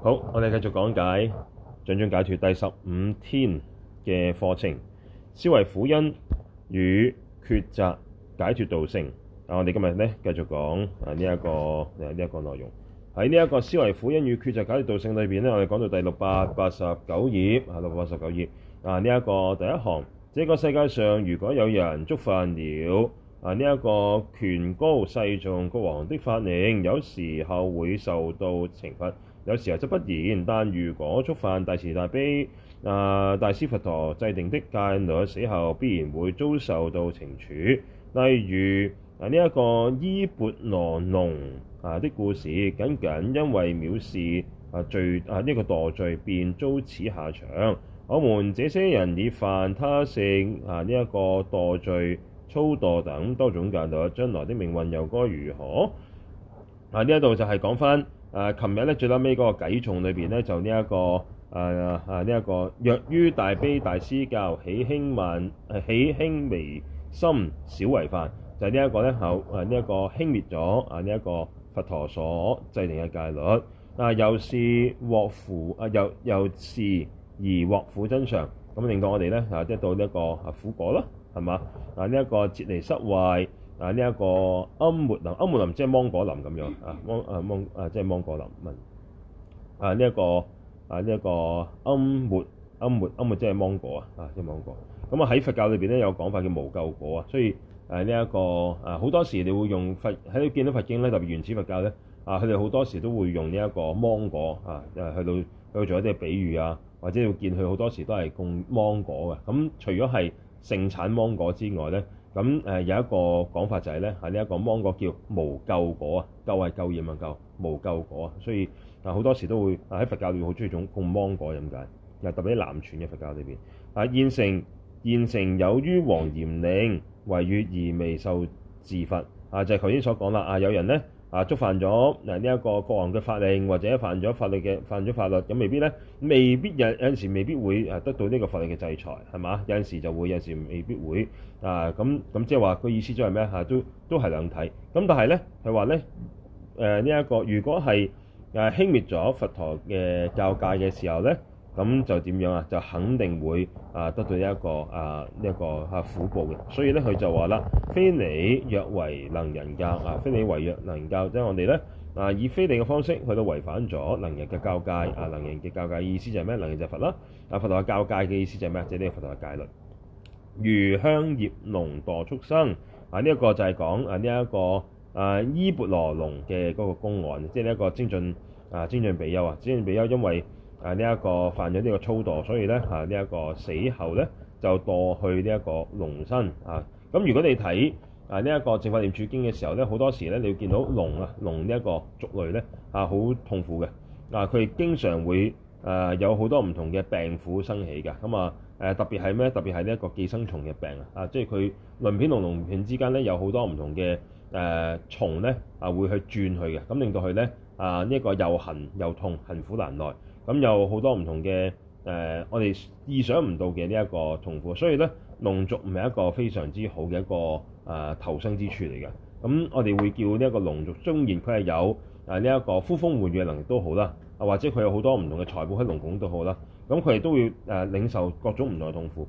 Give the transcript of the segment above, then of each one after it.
好，我哋繼續講解《掌中解脱》第十五天嘅課程，思維苦因與抉擇解脱道性。啊，我哋今日咧繼續講啊呢一個啊呢一個內容。喺呢一個思維苦因與抉擇解脱道性裏邊咧，我哋講到第六百八十九頁啊，六百八十九頁啊呢一個第一行，這個世界上，如果有人觸犯了啊呢一個權高勢重國王的法令，有時候會受到懲罰。有時候則不然，但如果觸犯大慈大悲啊大師佛陀制定的戒律的，死後必然會遭受到懲處。例如啊呢一、這個伊缽羅龍啊的故事，僅僅因為藐視啊罪啊呢、這個墮罪，便遭此下場。我們這些人已犯他勝啊呢一、這個墮罪、粗墮等多種戒律，將來的命運又該如何？啊呢一度就係講返。誒，琴日咧最拉尾嗰個偈重裏面咧，就呢、這、一個誒誒呢一個弱於大悲大師教，喜輕喜微心小違犯，就係、是、呢一、啊啊這個咧，好誒呢一個輕蔑咗啊呢一、這個佛陀所制定嘅戒律，啊、又是獲苦、啊、又又是而獲苦真相，咁令到我哋咧啊得到呢一個啊苦果咯，係嘛？嗱呢一個截離失壞。啊！呢、這、一個庵沒林，庵沒林即係芒果林咁樣啊，芒啊芒啊，啊，即係芒果林。啊！呢、啊這個啊這個啊嗯、一個啊，呢一個庵沒庵沒庵沒，即係芒果啊！啊，即係芒果。咁啊，喺佛教裏邊咧有講法叫無救果啊，所以誒呢一個啊，好多時你會用佛喺見到佛經咧，特別原始佛教咧啊，佢哋好多時都會用呢一個芒果啊，誒去到去做一啲比喻啊，或者會見佢好多時都係供芒果嘅。咁、嗯、除咗係盛產芒果之外咧。咁誒、呃、有一個講法就係、是、咧，呢、啊、一、這個芒果叫無救果啊，係救，業問救？無救果啊，所以但好、啊、多時都會，啊喺佛教裏好中意種種，種芒果，點解？又特別啲南傳嘅佛教裏面，啊？現成現成有於黃炎嶺為越而未受自罰啊，就係頭先所講啦啊，有人咧。啊！觸犯咗嗱呢一個國王嘅法令，或者犯咗法律嘅犯咗法律，咁未必咧，未必有有陣時未必會得到呢個法律嘅制裁，係嘛？有陣時就會，有陣時未必會啊！咁咁即係話個意思就係咩、啊？都都係兩體。咁但係咧，佢話咧，誒呢一個如果係誒輕蔑咗佛陀嘅教戒嘅時候咧。咁就點樣啊？就肯定會啊得到一個啊呢一個嚇苦報嘅。所以咧，佢就話啦：非你若為能仁教啊，非你違約能教。就是」即係我哋咧嗱，以非你嘅方式去到違反咗能仁嘅教戒啊，能仁嘅教戒意思就係咩？能仁就係佛啦。啊，佛陀嘅教戒嘅意思就係咩？即係呢個佛陀嘅戒律，如香葉濃墮墮畜生啊！呢一個就係講啊呢一個啊伊缽羅龍嘅嗰個公案，即係呢一個精進啊精進比丘啊，精進比丘、啊啊、因為。啊！呢一個犯咗呢個粗墮，所以咧啊，呢一個死後咧就墮去呢一個龍身啊。咁如果你睇啊呢一個《正法念處經》嘅時候咧，好多時咧你會見到龍啊，龍呢一個族類咧啊，好痛苦嘅啊。佢經常會啊有好多唔同嘅病苦生起嘅咁啊。誒，特別係咩？特別係呢一個寄生蟲嘅病啊，即係佢鱗片同鱗片之間咧有好多唔同嘅誒、呃、蟲咧啊，會去轉去嘅，咁令到佢咧啊呢一、這個又痕又痛，痕苦難耐。咁、嗯、有好多唔同嘅誒、呃，我哋意想唔到嘅呢一個痛苦，所以咧龍族唔係一個非常之好嘅一個啊、呃、投生之處嚟嘅。咁、嗯、我哋會叫呢一個龍族，雖然佢係有啊呢一個呼風喚雨嘅能力都好啦，啊或者佢有很多的布在好多唔同嘅財寶喺龍宮都好啦，咁佢哋都會誒、呃、領受各種唔同嘅痛苦。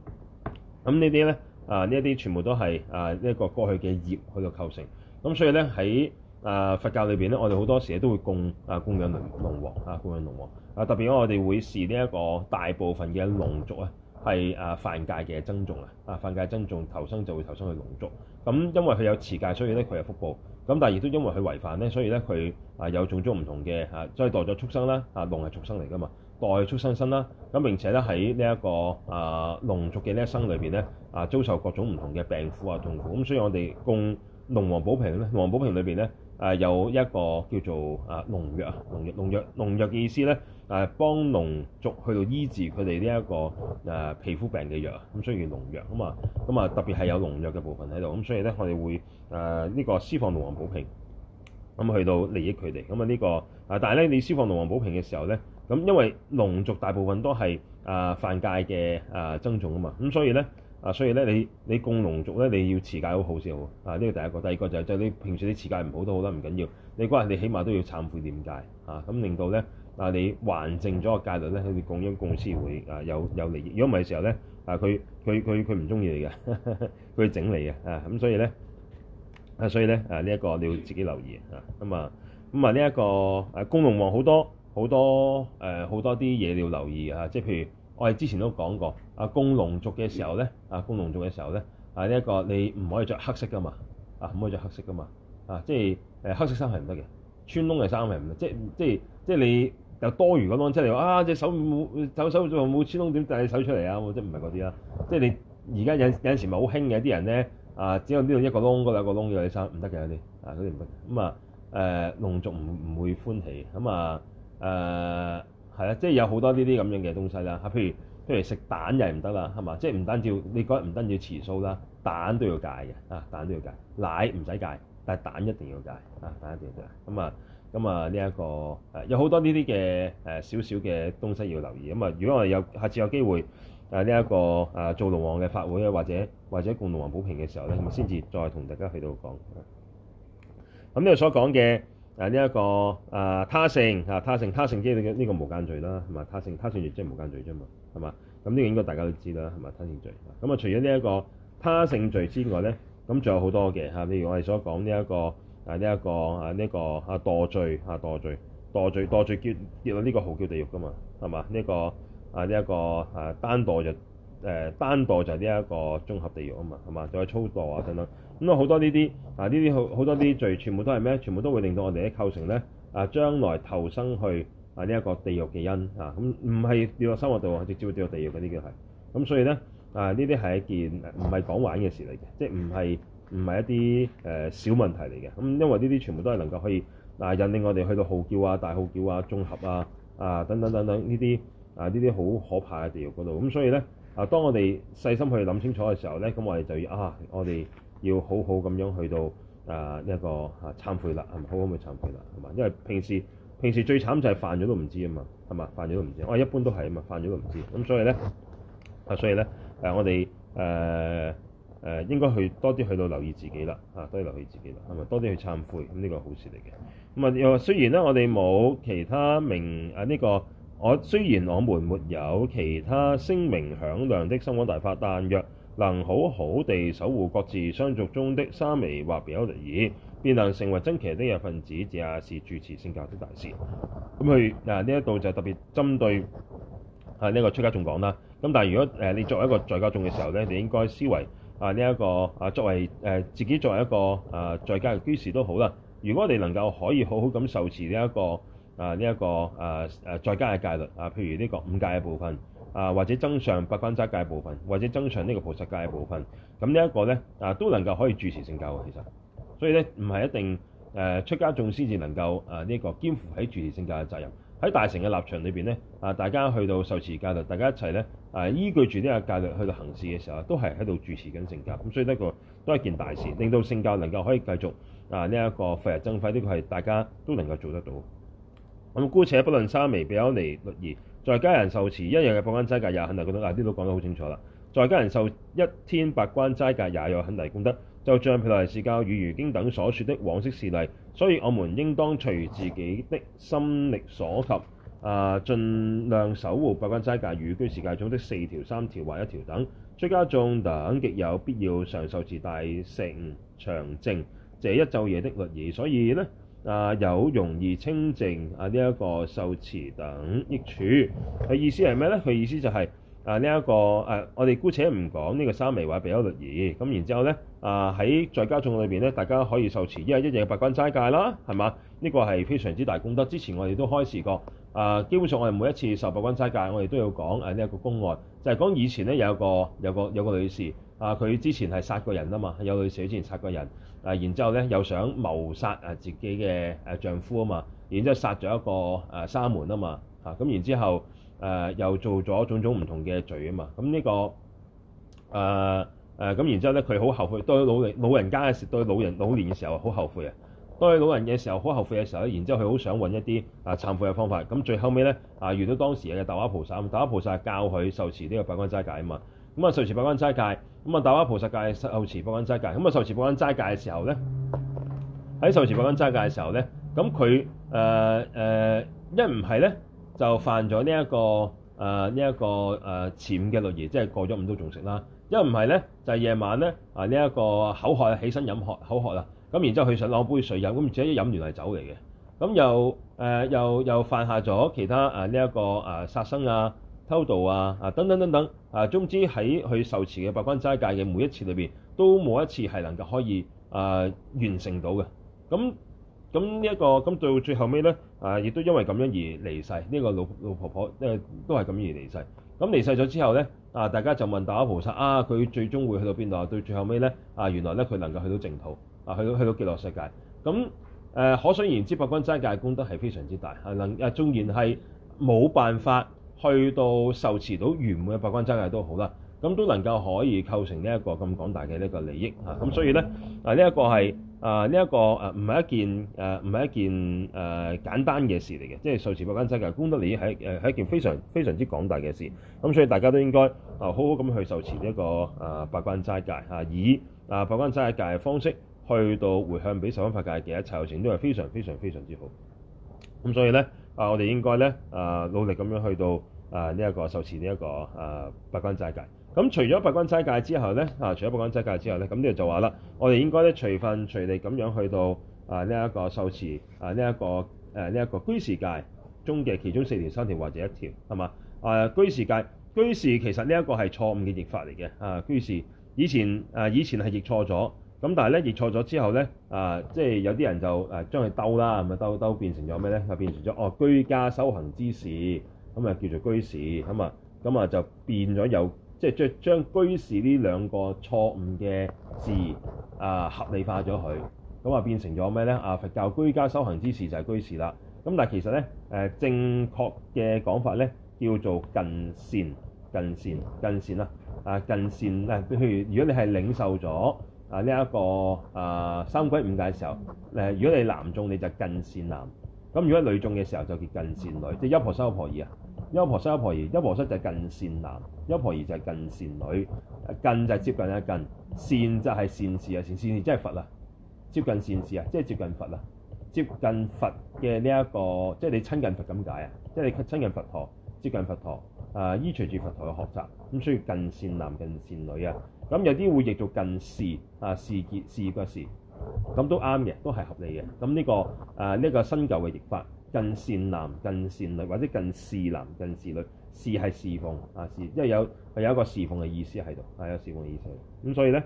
咁、嗯、呢啲咧啊呢一啲全部都係啊呢一個過去嘅業去個構成。咁、嗯、所以咧喺誒、啊、佛教裏面咧，我哋好多時都會供供養龍王啊，供養龍王，啊，養龍王啊，特別我哋會視呢一個大部分嘅龍族咧，係犯戒嘅僧眾啊，犯戒僧眾、啊、投生就會投生去龍族，咁、啊、因為佢有持戒，所以咧佢有福報，咁、啊、但係亦都因為佢違犯咧，所以咧佢有種種唔同嘅嚇，即係代咗畜生啦，啊龍係畜生嚟㗎嘛，代畜生生啦，咁、啊、並且咧喺呢一個誒、啊、龍族嘅呢一生裏面咧，啊遭受各種唔同嘅病苦啊痛苦，咁、啊、所以我哋供龍王寶瓶，龍王寶瓶裏邊咧。誒、呃、有一個叫做啊、呃、農藥啊農,農藥農藥農藥嘅意思咧誒、啊、幫農族去到醫治佢哋呢一個誒、呃、皮膚病嘅藥啊咁所以農藥咁嘛，咁、嗯、啊、嗯、特別係有農藥嘅部分喺度咁所以咧我哋會誒呢、呃這個施放龍王保平咁、嗯、去到利益佢哋咁啊呢個啊但係咧你施放龍王保平嘅時候咧咁、嗯、因為農族大部分都係啊犯戒嘅啊僧眾啊嘛咁、嗯、所以咧。啊，所以咧，你你供龍族咧，你要持戒好好先好。啊，呢個第一個，第二個就係就你平時啲持戒唔好都好啦，唔緊要。你乖，你起碼都要懺悔念戒，戒。啊，咁令到咧，嗱你還淨咗個戒律咧，你共應共施會啊有有利益。如果唔係時候咧，啊佢佢佢佢唔中意你嘅，佢 會整你嘅。啊，咁所以咧啊，所以咧啊呢一、這個你要自己留意啊。咁、這個、啊，咁啊呢一個誒供龍王好多好多誒好多啲嘢你要留意嘅嚇、啊，即係譬如我哋之前都講過。啊，供龍族嘅時候咧，啊，供龍族嘅時候咧，啊呢一個你唔可以着黑色噶嘛，啊唔可以着黑色噶嘛，啊即係誒、呃、黑色衫係唔得嘅，穿窿嘅衫係唔得，即係即係即係你有多餘個窿出嚟，話啊隻手冇走手冇穿窿點帶你手出嚟啊，即係唔係嗰啲啦，即係你而家有有陣時咪好興嘅，啲人咧啊只有呢度一個窿，嗰度一個窿嘅啲衫唔得嘅嗰啲，啊嗰啲唔得，咁啊誒龍族唔唔會歡喜，咁啊誒係啦，即係有好多呢啲咁樣嘅東西啦，嚇、啊、譬如。因為食蛋又係唔得啦，係嘛？即係唔單止你講唔單止食素啦，蛋都要戒嘅啊！蛋都要戒，奶唔使戒，但係蛋一定要戒啊！蛋一定要戒。咁啊，咁啊，呢、啊、一、啊這個、啊、有好多呢啲嘅誒少少嘅東西要留意。咁啊，如果我哋有下次有機會誒呢一個誒、啊、做龍王嘅法會啊，或者或者共龍王補平嘅時候咧，係咪先至再同大家去到講。咁呢個所講嘅。但呢一個啊，他勝啊，他勝他勝即係呢個呢個無間罪啦，係嘛？他勝就是、這個這個、是他勝亦即係無間罪啫嘛，係嘛？咁呢個應該大家都知啦，係咪？他勝罪。咁啊，除咗呢一個他勝罪之外咧，咁、嗯、仲有好多嘅嚇、啊，例如我哋所講呢一個啊，呢、這、一個啊，呢、這個啊，、這個、啊墮罪啊墮罪墮罪墮罪叫跌落呢個號叫地獄噶嘛，係嘛？呢、這、一個啊呢一、這個啊單墮就。誒、呃、單墮就係呢一個綜合地獄啊嘛，係嘛？再粗墮啊等等，咁、嗯、啊好多呢啲啊呢啲好好多啲，罪全部都係咩？全部都會令到我哋啲構成咧啊，將來投生去啊呢一、這個地獄嘅因啊，咁唔係掉落生活度直接會掉落地獄嗰啲嘅係。咁、啊、所以咧啊，呢啲係一件唔係講玩嘅事嚟嘅，即係唔係唔係一啲、呃、小問題嚟嘅。咁、啊、因為呢啲全部都係能夠可以嗱、啊、引領我哋去到號叫啊、大號叫啊、綜合啊啊等等等等呢啲啊呢啲好可怕嘅地獄嗰度。咁、啊、所以咧。嗱，當我哋細心去諗清楚嘅時候咧，咁我哋就要啊，我哋要好好咁樣去到啊呢一個啊，懺悔啦，係咪？好好去懺悔啦，係咪？因為平時平時最慘就係犯咗都唔知啊嘛，係咪？犯咗都唔知，我、啊、一般都係啊嘛，犯咗都唔知，咁所以咧啊，所以咧誒，我哋誒誒應該去多啲去到留意自己啦，啊，多啲留意自己啦，係咪？多啲去懺悔，咁呢個好事嚟嘅。咁啊，又雖然咧我哋冇其他名啊呢個。我雖然我們沒有其他聲名響亮的深廣大法，但若能好好地守護各自相續中的沙彌或比丘律儀，便能成為僧伽的一分子，這也是住持聖教的大事。咁佢啊呢一度就特別針對啊呢、這個出家眾講啦。咁但係如果誒你作為一個在家眾嘅時候咧，你應該思維啊呢一、這個啊作為誒、啊、自己作為一個啊在家的居士都好啦。如果你能夠可以好好咁受持呢、這、一個。啊！呢一個誒誒再加嘅戒律啊，譬如呢個五戒嘅部分啊，或者增上八關齋戒嘅部分，或者增上呢個菩薩戒嘅部分，咁呢一個咧啊，都能夠可以住持聖教嘅其實，所以咧唔係一定誒、呃、出家眾先至能夠啊呢、這個肩負喺住持聖教嘅責任喺大乘嘅立場裏邊咧啊，大家去到受持戒律，大家一齊咧啊依據住呢個戒律去到行事嘅時候，都係喺度住持緊聖教咁，所以呢個都係一件大事，令到聖教能夠可以繼續啊呢一個佛日增輝，呢個係大家都能夠做得到。我、嗯、姑且不論沙彌、比丘尼律儀，在家人受持一日嘅八關齋戒，也有很大功德。啊，啲都講得好清楚啦。在家人受一天八關齋戒，也有很大功德。就像毘奈耶事教與賢愚經等所說的往昔事例，所以我們應當隨自己的心力所及，啊，盡量守護八關齋戒與居士戒中的四條、三條或一條等。出家眾等極有必要常受持大乘長淨這一晝夜的律儀。所以呢。啊，有容易清淨啊呢一、這個受持等益處。佢、啊、意思係咩咧？佢意思就係、是、啊呢一、這個誒、啊，我哋姑且唔講、啊、呢個沙彌或者比丘律儀。咁然之後咧啊喺在、在家眾裏邊咧，大家可以受持，因為一日嘅八關齋戒啦，係嘛？呢、這個係非常之大功德。之前我哋都開示過啊，基本上我哋每一次受八關齋戒，我哋都有講誒呢一個公案，就係、是、講以前咧有一個有一個有個女士。啊！佢之前係殺過人啊嘛，有女死之前殺過人，啊，然之後咧又想謀殺啊自己嘅誒丈夫啊嘛，然之後殺咗一個誒沙門啊嘛，嚇、啊、咁、啊、然之後誒、啊、又做咗種種唔同嘅罪啊嘛，咁、啊啊啊啊、呢個誒誒咁然之後咧佢好後悔，對老人老人家嘅時候，對老人老年嘅時候好後悔啊，對老人嘅時候好後悔嘅時候咧，然之後佢好想揾一啲啊懺悔嘅方法，咁、啊、最後尾咧啊遇到當時嘅大阿菩薩，大阿菩薩教佢受持呢個八關齋戒啊嘛。咁啊，受持八關齋戒，咁啊，大阿菩薩戒、受持八關齋戒。咁啊，受持八關齋戒嘅時候咧，喺受持八關齋戒嘅時候咧，咁佢誒誒，一唔係咧就犯咗呢一個誒呢一個誒潛嘅律儀，即係過咗午都仲食啦。一唔係咧就係、是、夜晚咧啊呢一個口渴起身飲渴口渴啦，咁然之後佢想攞杯水飲，咁結果飲完係酒嚟嘅。咁、呃呃、又誒又、呃、又犯下咗其他誒呢一個誒、呃、殺生啊！偷渡啊啊等等等等啊，總之喺佢受持嘅八關齋戒嘅每一次裏邊，都冇一次係能夠可以啊、呃、完成到嘅。咁咁呢一個咁到最後尾咧啊，亦都因為咁樣而離世。呢、這個老老婆婆咧、呃、都係咁而離世。咁離世咗之後咧啊，大家就問大家：「菩薩啊，佢最終會去到邊度啊？到最後尾咧啊，原來咧佢能夠去到淨土啊，去到去到極樂世界。咁誒、啊，可想而知，八關齋戒嘅功德係非常之大啊，能啊，縱然係冇辦法。去到受持到圓滿嘅八關齋戒都好啦，咁都能夠可以構成呢一個咁廣大嘅呢個利益啊，咁所以咧啊呢一個係啊呢一個誒唔係一件誒唔係一件誒、啊、簡單嘅事嚟嘅，即係受持八關齋戒功德利益係誒係一件非常非常之廣大嘅事，咁所以大家都應該啊好好咁去受持呢一個啊八關齋戒啊，以啊八關齋戒嘅方式去到回向俾受恩法界嘅一切有情都係非常非常非常之好，咁所以咧。啊！我哋應該咧，啊、呃，努力咁樣去到啊呢一個受持呢一個啊八關齋戒。咁除咗八關齋戒之後咧，啊，除咗八關齋戒之後咧，咁呢度就話啦，我哋應該咧隨份隨力咁樣去到啊呢一個受持啊呢一個呢一個居士戒中嘅其中四條、三條或者一條，係嘛？啊，居士戒居士其實呢一個係錯誤嘅譯法嚟嘅。啊，居、這、士、個呃這個啊、以前誒、啊、以前係譯錯咗。咁但係咧，譯錯咗之後咧，啊、呃，即係有啲人就、呃、將佢兜啦，咁啊兜兜變成咗咩咧？就變成咗哦，居家修行之士，咁啊叫做居士，咁啊咁啊就變咗又即係將將居士呢兩個錯誤嘅字啊合理化咗佢，咁啊變成咗咩咧？啊，佛教居家修行之士就係居士啦。咁但係其實咧、呃、正確嘅講法咧叫做近善近善近善啦啊近善譬如如果你係領受咗。啊！呢、這、一個啊，三歸五戒嘅時候，誒，如果你男眾，你就近善男；咁如果女眾嘅時候，就叫近善女。即、就、係、是、優婆塞優婆夷啊！優婆塞優婆夷，優婆塞就係近善男，優婆夷就係近善女。近就係接近一，近善就係善事啊，善善事即係佛啊，接近善事啊，即係接近佛啊。接近佛嘅呢一個，即、就、係、是、你親近佛咁解啊，即、就、係、是、你親近佛陀，接近佛陀。誒、啊、依隨住佛陀嘅學習，咁、嗯、所以近善男近善女啊。咁有啲會譯做近事啊，事業事業嘅事，咁都啱嘅，都係合理嘅。咁呢、呢個誒呢、啊呢個新舊嘅譯法，近善男近善女，或者近事男近事女，事係侍奉啊，事因為有佢有一個侍奉嘅意思喺度，係、啊、有侍奉嘅意思喺度。咁所以咧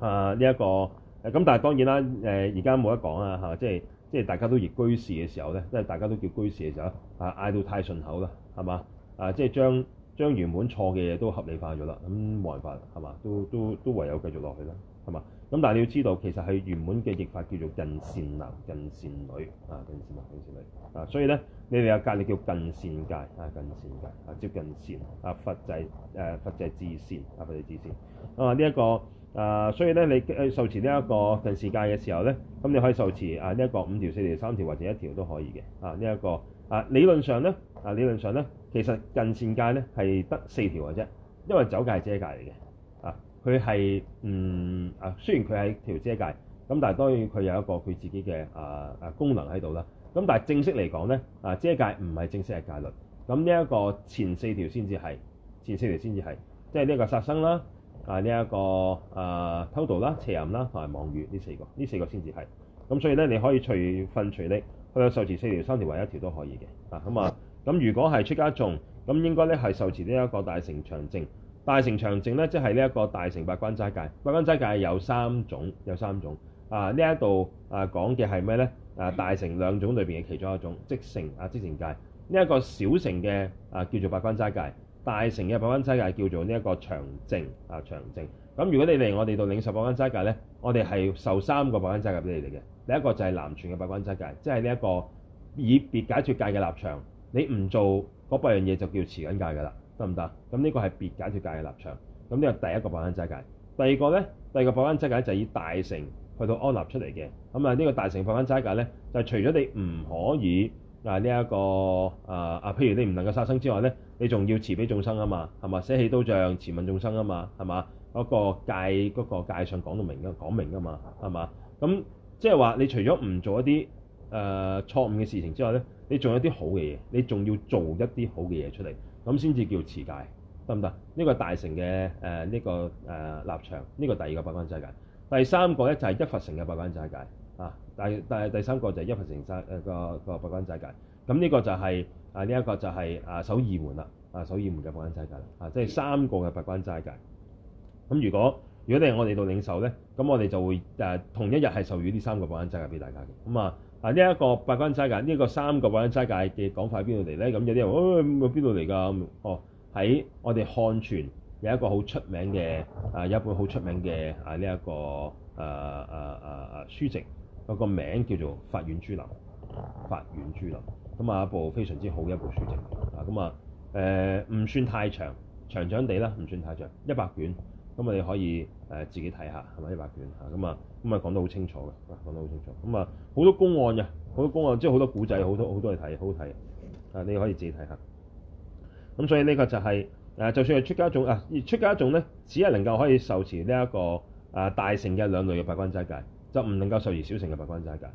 誒呢一、啊呢個誒咁、啊，但係當然啦誒而家冇得講啦嚇，即係即係大家都譯居士嘅時候咧，因為大家都叫居士嘅時候啊，嗌到太順口啦，係嘛？啊！即係將原本滿錯嘅嘢都合理化咗啦，咁冇辦法係嘛？都都都唯有繼續落去啦，係嘛？咁但係你要知道，其實係原本嘅譯法叫做近善男近善女啊，近善男近善女啊，所以咧你哋有隔離叫近善戒啊，近善戒啊，接近善啊，佛制誒佛制至善啊，佛制至善啊，呢一個啊，所以咧你受持呢一個近善戒嘅時候咧，咁你可以受持啊呢一個五條四條三條或者一條都可以嘅啊，呢一個啊，理論上咧，啊理論上咧，其實近善戒咧係得四條嘅啫，因為酒戒係遮戒嚟嘅，啊佢係嗯啊雖然佢係條遮戒，咁但係當然佢有一個佢自己嘅啊啊，啊功能喺度啦，咁、啊、但係正式嚟講咧，啊遮戒唔係正式嘅戒律，咁呢一個前四條先至係，前四條先至係，即係呢一個殺生啦，啊呢一、這個啊偷盜啦、啊、邪淫啦同埋妄語呢四個，呢四個先至係，咁所以咧你可以隨分隨力。佢有受持四條、三條或者一條都可以嘅。啊咁，啊咁，如果係出家眾咁，應該咧係受持呢一個大乘長淨。大乘長淨咧，即係呢一個大乘八關齋戒。八關齋戒有三種，有三種啊，裏啊的呢一度啊講嘅係咩咧？啊大乘兩種裏邊嘅其中一種，即成啊即成戒呢一個小乘嘅啊叫做八關齋戒，大乘嘅八關齋戒叫做呢一個長淨。啊長淨。咁如果你嚟我哋度領十八關齋戒咧，我哋係受三個八關齋戒俾你哋嘅。第一個就係南傳嘅八關齋戒，即係呢一個以別解脫戒嘅立場，你唔做嗰八樣嘢就叫持緊戒噶啦，得唔得？咁呢個係別解脫戒嘅立場。咁呢個第一個八關齋戒，第二個咧，第二個八關齋戒就以大乘去到安立出嚟嘅。咁、嗯這個就是、啊，呢、這個大乘八關齋戒咧，就除咗你唔可以嗱呢一個啊啊，譬如你唔能夠殺生之外咧，你仲要慈悲眾生啊嘛，係嘛，捨棄刀杖，慈憐眾生啊嘛，係嘛？嗰個界，嗰、那個界上講到明嘅，講明嘅嘛，係嘛？咁即係話，就是、你除咗唔做一啲誒、呃、錯誤嘅事情之外咧，你仲有啲好嘅嘢，你仲要做一啲好嘅嘢出嚟，咁先至叫持戒，得唔得？呢、這個大成嘅誒呢個誒、呃、立場，呢、這個第二個八關齋戒，第三個咧就係一佛成嘅八關齋戒啊。第第三個就係一佛成齋誒個個八關齋戒。咁呢個就係、是、啊呢一、這個就係、是、啊首二門啦啊守二門嘅八、啊、關齋戒啦啊，即、就、係、是、三個嘅八關齋戒。咁如果如果你係我哋度領受咧，咁我哋就會誒同一日係授予呢三個八關齋戒俾大家嘅咁啊。啊呢一個八關齋戒，呢、這、一個三個八關齋戒嘅講法喺邊度嚟咧？咁有啲人話：，邊度嚟㗎？哦，喺我哋漢傳有一個好出名嘅啊，有一本好出名嘅啊呢一個啊啊啊啊書籍，個名叫做法林《法苑珠林》。《法苑珠林》咁啊，一部非常之好嘅一部書籍啊。咁啊誒，唔算太長，長長地啦，唔算太長，一百卷。咁啊，你可以、呃、自己睇下，係咪呢八卷咁啊，咁啊講得好清楚嘅、啊，講得好清楚。咁啊，好多公案嘅、啊，好多公案，即係好多古仔，好多好多嘢睇，好睇。啊，你可以自己睇下。咁所以呢個就係、呃、就算係出家眾啊，而出家眾咧，只係能夠可以受持呢一個大乘嘅兩類嘅八關齋戒，就唔能夠受持小乘嘅八關齋戒。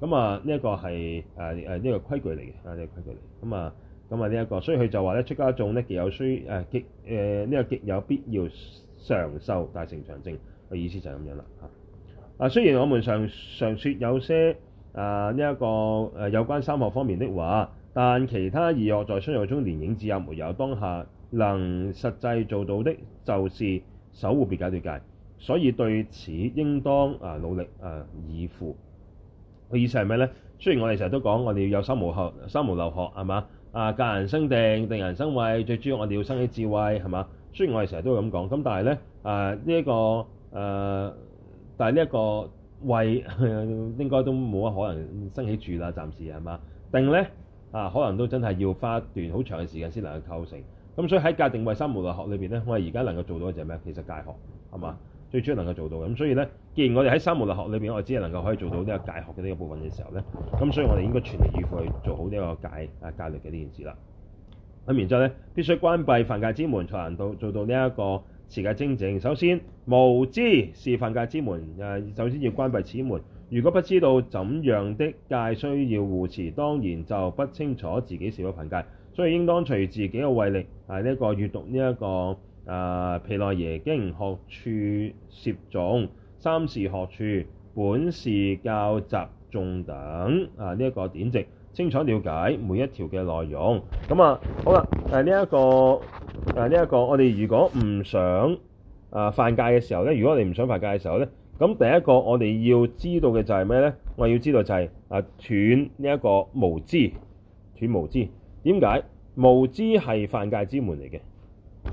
咁啊，呢、啊、一、這個係呢個規矩嚟嘅，啊呢、這個規矩嚟。咁啊，咁啊呢一個，所以佢就話咧，出家眾咧極有需呢、啊呃這個極有必要。長壽，常受大乘長淨嘅意思就係咁樣啦嚇。啊，雖然我們常常說有些啊呢一、這個誒、啊、有關三學方面的話，但其他二學在相續中連影子也沒有。當下能實際做到的，就是守護別解脫戒。所以對此，應當啊努力啊以赴。嘅、啊、意思係咩呢？雖然我哋成日都講，我哋要有三無學，三無漏學係嘛？啊，戒人生定，定人生慧，最主要我哋要生起智慧係嘛？雖然我哋成日都會咁講，咁但係咧，誒呢一個誒，但係呢一、呃這個位、呃、應該都冇乜可能生起住啦，暫時係嘛？定咧啊，可能都真係要花一段好長嘅時間先能夠構成。咁所以喺戒定慧三無漏學裏邊咧，我哋而家能夠做到嘅就係咩？其實戒學係嘛？最主要能夠做到嘅。咁所以咧，既然我哋喺三無漏學裏邊，我只係能夠可以做到呢個戒學嘅呢個部分嘅時候咧，咁所以我哋應該全力以赴去做好呢個戒啊戒律嘅呢件事啦。咁然之後咧，必須關閉犯戒之門，才能到做到呢一個持戒清淨。首先，無知是犯戒之門，誒，首先要關閉此門。如果不知道怎樣的戒需要護持，當然就不清楚自己是否犯戒，所以應當隨自己嘅慧力，係呢一個閱讀呢、這、一個誒《毘、啊、奈耶經》學處攝頌、三事學處、本事教集頌等，啊，呢、這、一個典籍。清楚了解每一條嘅內容咁啊，好啦，誒呢一個誒呢一個，我哋如果唔想誒、呃、犯戒嘅時候咧，如果你唔想犯戒嘅時候咧，咁第一個我哋要知道嘅就係咩咧？我要知道就係、是、啊斷呢一個無知，斷無知點解無知係犯戒之門嚟嘅？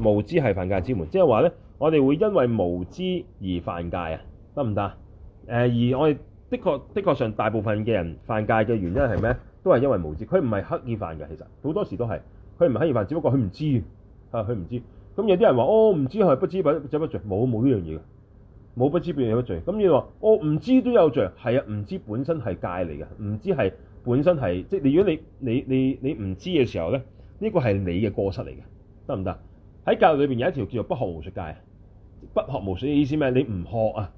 無知係犯戒之門，即係話咧，我哋會因為無知而犯戒啊，得唔得？誒、呃、而我哋的確的確上大部分嘅人犯戒嘅原因係咩？都係因為無知，佢唔係刻意犯嘅，其實好多時都係佢唔係刻意犯，只不過佢唔知啊，佢唔知。咁有啲人話，哦，唔知係不知不罪不，知不罪，冇冇呢樣嘢嘅，冇、哦、不知變有罪。咁你話，我唔知都有罪？係啊，唔知本身係戒嚟嘅，唔知係本身係即係你。如果你你你你唔知嘅時候咧，呢、這個係你嘅過失嚟嘅，得唔得？喺教育裏面有一條叫做不學無術戒。不學無術嘅意思咩？你唔學啊，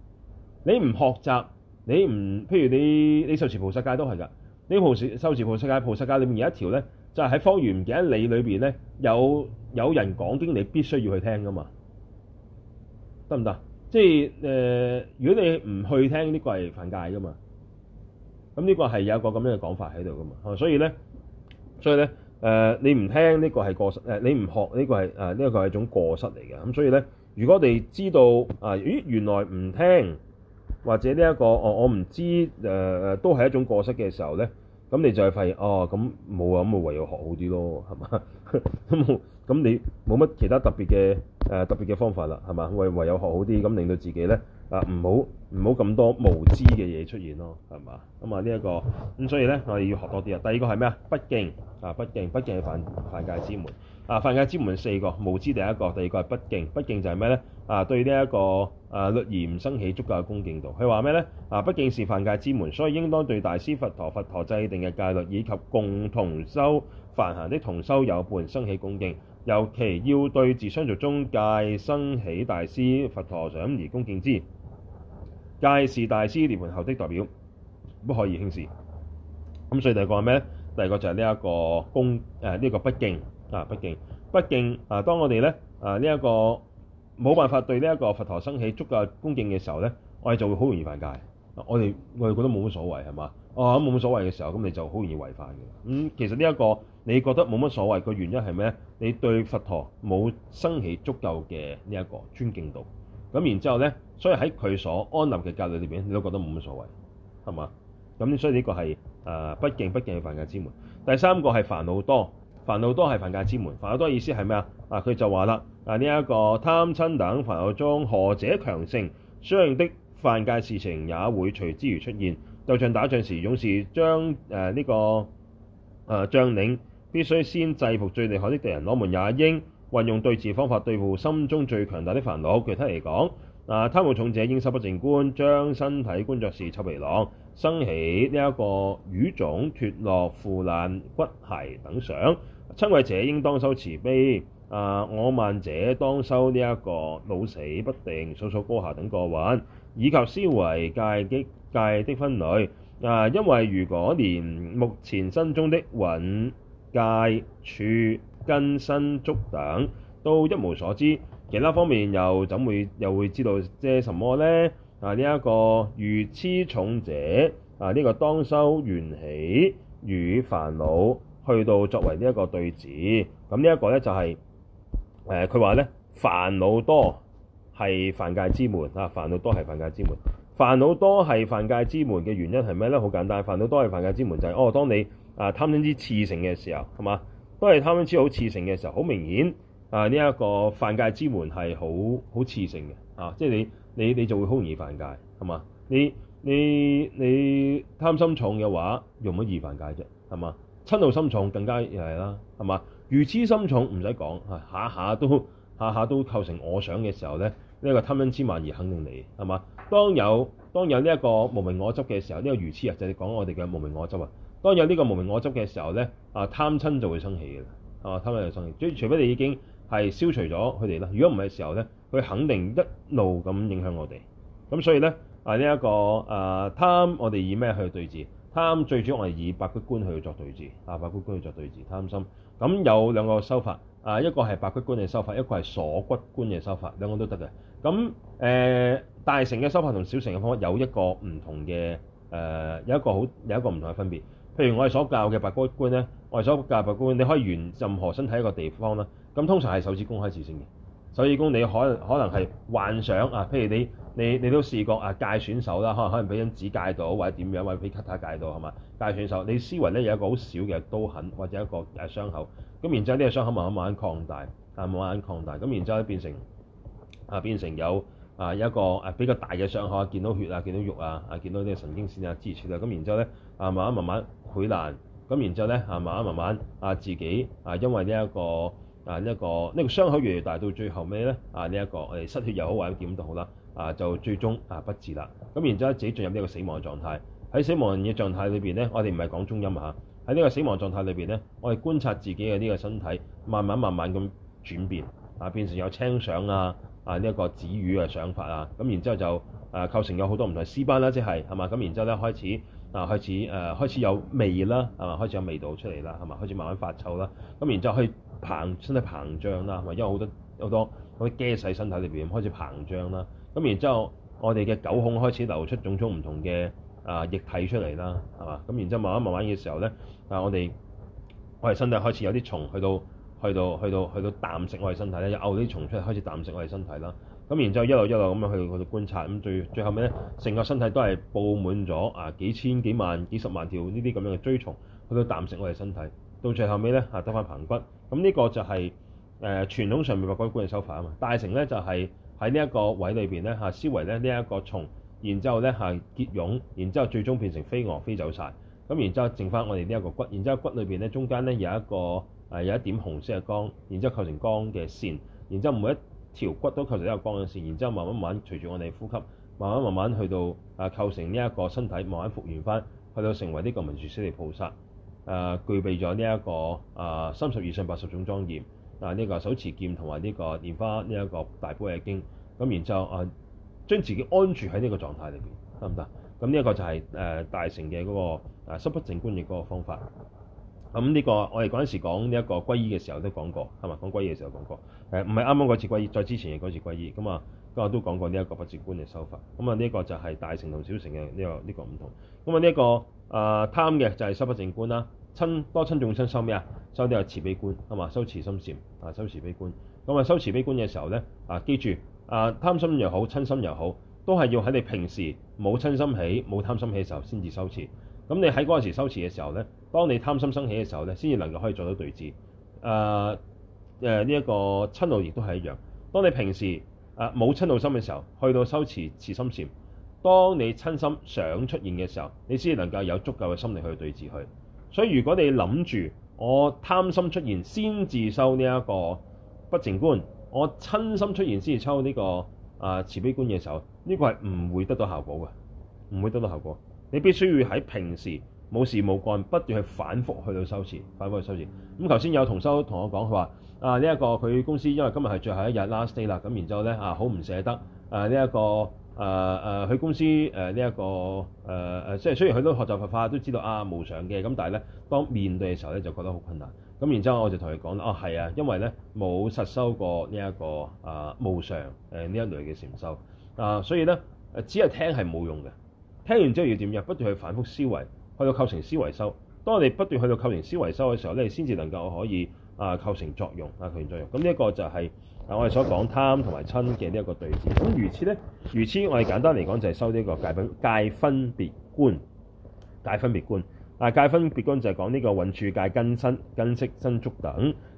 你唔學習，你唔譬如你你受持菩薩戒都係㗎。受持菩薩戒，菩薩戒裏面有一條咧，就係、是、喺方圓唔記得幾里裏面咧，有有人講經，你必須要去聽噶嘛，得唔得？即係、呃、如果你唔去聽呢、呢個係犯戒噶嘛，咁呢個係有一個咁樣嘅講法喺度噶嘛、啊，所以咧，所以咧、呃，你唔聽呢、呢個係過失，你唔學呢、呢個係呢、呃呢個係一種過失嚟嘅。咁所以咧，如果我哋知道啊，咦、呃，原來唔聽。或者呢、這、一個，哦、我我唔知誒誒、呃，都係一種過失嘅時候咧，咁你就係發現哦，咁冇咁，咪唯有學好啲咯，係嘛？咁咁你冇乜其他特別嘅誒、呃、特別嘅方法啦，係嘛？唯唯有學好啲，咁令到自己咧啊，唔好唔好咁多無知嘅嘢出現咯，係嘛？咁啊呢一個咁、嗯，所以咧我哋要學多啲啊。第二個係咩啊？不敬啊，不敬不敬係犯犯戒之門。啊！犯戒之門四個，無知第一個，第二個係不敬。不敬就係咩咧？啊，對呢、這、一個啊，略而唔生起足夠嘅恭敬度。佢話咩咧？啊，不敬是犯戒之門，所以應當對大師佛陀、佛陀制定嘅戒律，以及共同修梵行的同修友伴生起恭敬，尤其要對自相續中戒生起大師佛陀想而恭敬之。戒是大師涅槃後的代表，不可以輕視。咁所以第二個係咩咧？第二個就係呢一個恭誒呢個不敬。啊，不敬！不敬！啊，當我哋咧啊呢一、這個冇辦法對呢一個佛陀生起足夠恭敬嘅時候咧，我哋就會好容易犯戒。我哋我哋覺得冇乜所謂係嘛？啊，冇乜所謂嘅時候，咁你就好容易違犯嘅。咁、嗯、其實呢、這、一個你覺得冇乜所謂嘅原因係咩？你對佛陀冇生起足夠嘅呢一個尊敬度。咁然之後咧，所以喺佢所安立嘅戒律裏邊，你都覺得冇乜所謂係嘛？咁所以呢個係啊，不敬不敬嘅犯戒之門。第三個係煩惱多。煩惱多係犯戒之門，煩惱多意思係咩啊？啊，佢就話啦，啊呢一、這個貪瞋等煩惱中何者強盛，相應的犯戒事情也會隨之而出現。就像打仗時，勇士將誒呢、呃這個誒、呃、將領必須先制服最厲害的敵人，我們也應運用對治方法對付心中最強大的煩惱。具體嚟講，嗱、啊、貪慾重者應受不淨觀，將身體觀作是臭皮囊，生起呢一個瘀腫脫落腐爛骨骸等想。瞋恚者應當修慈悲，啊！我慢者當修呢一個老死不定，數數高下等過患，以及思維界擊界的分類。啊！因為如果連目前身中的蘊界，處根，身觸等都一無所知，其他方面又怎會又會知道些什麼呢？啊！呢、這、一個愚痴重者，啊！呢、這個當修緣起與煩惱。去到作為呢一個對子咁呢一個咧就係誒佢話咧煩惱多係犯戒之門啊！煩惱多係犯戒之門，煩惱多係犯戒之門嘅原因係咩咧？好簡單，煩惱多係犯戒之門就係、是、哦。當你啊貪心之次誠熾盛嘅時候，係嘛都係貪心之好熾盛嘅時候，好明顯啊！呢、這、一個犯戒之門係好好熾盛嘅啊，即係你你你就會好容易犯戒係嘛？你你你貪心重嘅話容乜易犯戒啫？係嘛？瞋怒心重更加係啦，係嘛？愚痴心重唔使講，啊下下都下下都構成我想嘅時候咧，呢、這、一個貪嗔痴慢疑肯定嚟，係嘛？當有當有呢一個無明我執嘅時候，呢、這個愚痴啊，就係、是、講我哋嘅無明我執啊。當有呢個無明我執嘅時候咧，啊貪嗔就會生起嘅啦，啊貪嗔就會生起。最除非你已經係消除咗佢哋啦，如果唔係時候咧，佢肯定一路咁影響我哋。咁所以咧，啊呢一、這個啊貪，我哋以咩去對治？貪最主要我哋以白骨觀去作對治。啊白骨觀去作對治，貪心。咁有兩個修法，啊一個係白骨觀嘅修法，一個係鎖骨觀嘅修法，兩個都得嘅。咁誒、呃、大乘嘅修法同小乘嘅方法有一個唔同嘅誒、呃、有一個好有一個唔同嘅分別。譬如我哋所教嘅白骨觀咧，我哋所教的白骨觀，你可以沿任何身體一個地方啦。咁通常係手指公開始先嘅。所以講你可能可能係幻想啊，譬如你你你都試過啊界選手啦，可可能俾張紙界到或者點樣，或者俾 cut 到係嘛？界選手你思維咧有一個好少嘅刀痕或者一個誒傷口，咁然之後啲傷口慢慢慢慢擴大，啊慢慢擴大，咁然之後咧變成啊變成有啊一個誒比較大嘅傷口啊，見到血啊，見到肉啊，啊見到呢個神經線啊、支持線啊，咁然之後咧啊慢慢慢慢潰爛，咁然之後咧啊慢慢慢慢啊自己啊因為呢一個啊！呢一個呢個傷口越嚟越大，到最後尾咧啊！呢一個誒失血又好，或者點都好啦啊，就最終啊不治啦。咁然之後自己進入呢個死亡狀態。喺死亡嘅狀態裏面咧，我哋唔係講中陰啊。喺呢個死亡狀態裏面咧，我哋觀察自己嘅呢個身體慢慢慢慢咁轉變啊，變成有青想啊啊呢一個子語嘅想法啊。咁然之後就誒構成有好多唔同嘅屍斑啦，即係係嘛咁。然之後咧開始。啊，開始誒、呃，開始有味啦，係嘛？開始有味道出嚟啦，係嘛？開始慢慢發臭啦，咁然之後去膨身體膨脹啦，係嘛？因為好多好多好啲激素身體裏邊開始膨脹啦，咁然之後我哋嘅九孔開始流出種種唔同嘅啊液體出嚟啦，係嘛？咁然之後慢慢慢慢嘅時候咧，啊，我哋我哋身體開始有啲蟲去到去到去到去到，去到啖食我哋身體咧，就嘔啲蟲出嚟，開始啖食我哋身體啦。咁然之後一路一路咁樣去去觀察，咁最最後尾咧，成個身體都係布滿咗啊幾千幾萬、幾十萬條呢啲咁樣嘅追蟲，去到啖食我哋身體，到最後尾咧得翻棚骨。咁、這、呢個就係誒傳統上面嘅骨管嘅手法啊嘛。大成咧就係、是、喺、啊、呢一個位裏邊咧思維咧呢一個蟲，然之後咧結蛹，然之後最終變成飛蛾飛走晒。咁然之後剩翻我哋呢一個骨，然之後骨裏邊咧中間咧有一個、呃、有一點紅色嘅光，然之後構成光嘅線，然之後每一條骨都構成一個光嘅線，然之後慢慢慢慢，隨住我哋呼吸，慢慢慢慢去到啊構成呢一個身體，慢慢復原翻，去到成為呢個文殊師利菩薩，啊、呃，具備咗呢一個啊、呃、三十二相八十種莊嚴，啊呢、這個手持劍同埋呢個蓮花，呢、這、一個大悲嘅經，咁然之後啊，將自己安住喺呢個狀態裏邊，得唔得？咁呢一個就係、是、誒、呃、大乘嘅嗰、那個啊不淨觀嘅嗰個方法。咁呢個我哋嗰陣時講呢一個歸依嘅時候都講過，係嘛？講歸依嘅時候講過，誒唔係啱啱嗰次歸依，再之前嘅嗰次歸依，咁、嗯、啊，今日都講過呢一個不淨觀嘅修法，咁啊呢個就係大乘同小乘嘅呢、這個呢、這個唔同。咁啊呢個啊貪嘅就係修不淨觀啦，親多親重親修咩啊？修呢個慈悲觀，係嘛？修慈心善啊，修慈悲觀。咁啊修慈悲觀嘅時候咧啊，記住啊貪心又好，親心又好，都係要喺你平時冇親心起，冇貪心起嘅時候先至修慈。咁你喺嗰陣時修持嘅時候呢，當你貪心生起嘅時候呢，先至能夠可以做到對治。誒誒呢一個瞋怒亦都係一樣。當你平時誒冇瞋怒心嘅時候，去到修持慈心禪，當你瞋心想出現嘅時候，你先至能夠有足夠嘅心力去對治佢。所以如果你諗住我貪心出現先至修呢一個不淨觀，我瞋心出現先至修呢個慈悲觀嘅時候，呢個係唔會得到效果嘅，唔會得到效果。你必須要喺平時冇事冇幹，不斷去反覆去到修持，反覆去修持。咁頭先有同修同我講，佢話啊呢一、這個佢公司因為今日係最後一日 last day 啦，咁然之後咧啊好唔捨得啊呢一、這個啊啊佢公司誒呢一個誒誒，即、啊、係雖然佢都學習佛法，都知道啊無常嘅，咁但係咧當面對嘅時候咧就覺得好困難。咁然之後我就同佢講啦，啊係啊，因為咧冇實修過呢、這、一個啊無常誒呢一類嘅禪修啊，所以咧只係聽係冇用嘅。聽完之後要點入，不斷去反覆思維，去到構成思維修。當我哋不斷去到構成思維修嘅時候，你先至能夠可以啊構成作用啊構成作用。咁呢一個就係、是、啊我哋所講的貪同埋瞋嘅呢一個對治。咁如此咧，如此我哋簡單嚟講就係修呢個界分界分別觀，界分別觀。啊界分別觀就係講呢個蘊處界根身根色身觸等。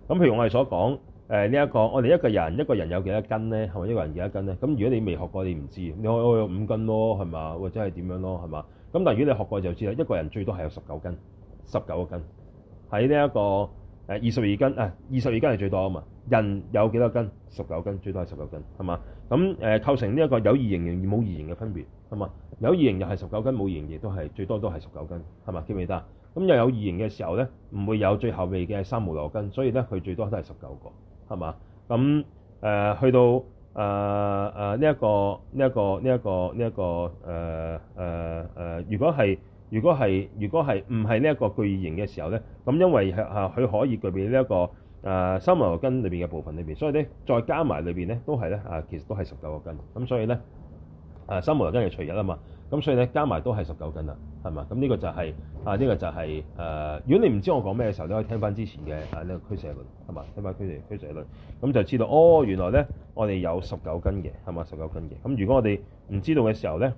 咁譬如我哋所講。誒呢一個，我哋一個人一個人有幾多根咧？係咪一個人幾多根咧？咁如果你未學過，你唔知。你我有五根咯，係嘛？或者係點樣咯，係嘛？咁但如果你學過就知啦。一個人最多係有十九根，十九個根喺呢一個二十二根，二十二根係最多啊嘛。人有幾多根？十九根最多係十九根，係嘛？咁誒、呃、構成呢一個有二型定冇二型嘅分別係嘛？有二型又係十九根，冇二型亦都係最多都係十九根，係嘛？記唔記得？咁又有二型嘅時候咧，唔會有最後尾嘅三無漏根，所以咧佢最多都係十九個。係嘛？咁誒、呃、去到誒誒呢一個呢一、這個呢一、這個呢一個誒誒誒，如果係如果係如果係唔係呢一個巨型嘅時候咧，咁因為係啊，佢、呃、可以具備呢、這、一個誒、呃、三萬個根裏邊嘅部分裏邊，所以咧再加埋裏邊咧都係咧啊，其實都係十九個根，咁所以咧。誒、啊、三無漏根就係一除一啊嘛，咁所以咧加埋都係十九根啦，係嘛？咁呢個就係、是、啊，呢、這個就係、是、誒、呃，如果你唔知道我講咩嘅時候，你可以聽翻之前嘅啊呢、這個俱舍論係嘛？聽翻俱舍俱舍論，咁就知道哦，原來咧我哋有十九根嘅係嘛？十九根嘅，咁如果我哋唔知道嘅時候咧，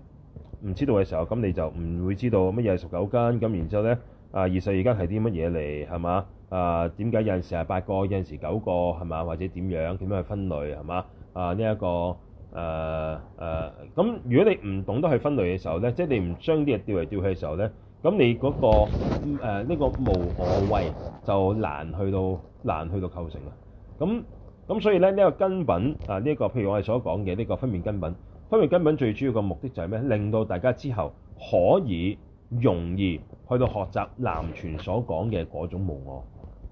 唔知道嘅時候，咁你就唔會知道乜嘢係十九根，咁然之後咧啊二十二根係啲乜嘢嚟係嘛？啊點解有陣時係八個，有陣時九個係嘛？或者點樣點樣去分類係嘛？啊呢一、這個。誒誒，咁、呃呃、如果你唔懂得去分類嘅時候呢，即係你唔將啲嘢丟嚟丟去嘅時候呢，咁你嗰、那個呢、呃這個無可威就難去到難去到構成啦咁咁所以呢，呢、這個根品啊，呢、這個個譬如我哋所講嘅呢個分辨根品，分辨根品最主要嘅目的就係咩？令到大家之後可以容易去到學習南傳所講嘅嗰種無我，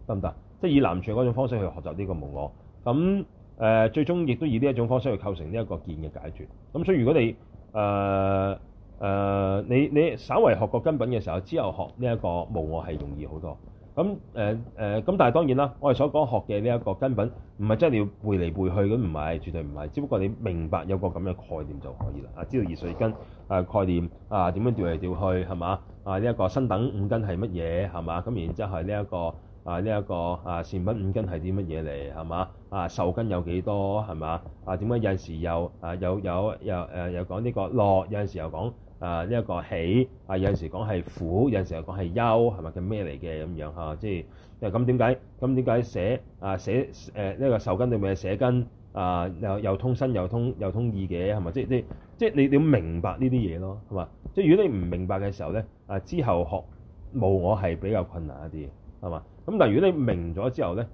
得唔得？即係以南傳嗰種方式去學習呢個無我咁。誒、呃、最終亦都以呢一種方式去構成呢一個見嘅解決。咁所以如果你誒誒、呃呃、你你稍為學過根品嘅時候，之後學呢一個無我係容易好多。咁誒誒咁，但係當然啦，我哋所講學嘅呢一個根品，唔係真係你要背嚟背去，咁唔係絕對唔係，只不過你明白有個咁嘅概念就可以啦。啊，知道二十二根誒、啊、概念啊，點樣調嚟調去係嘛？啊呢一、這個身等五根係乜嘢係嘛？咁然之後係呢一個。啊！呢一個啊，善品五根係啲乜嘢嚟？係嘛？啊，受根有幾多？係嘛？啊，點解有陣時又啊，有有又誒，又講呢個樂，有陣時又講啊呢一個喜？啊有陣時講係苦，有陣時又講係憂，係咪叫咩嚟嘅咁樣嚇？即係因咁點解咁點解捨啊捨誒呢個受根對面係捨根啊？又又通身又通又通意嘅係咪？即係即係即係你你要明白呢啲嘢咯，係嘛？即係如果你唔明白嘅時候咧啊，之後學無我係比較困難一啲。嘛？咁但係如果你明咗之後咧，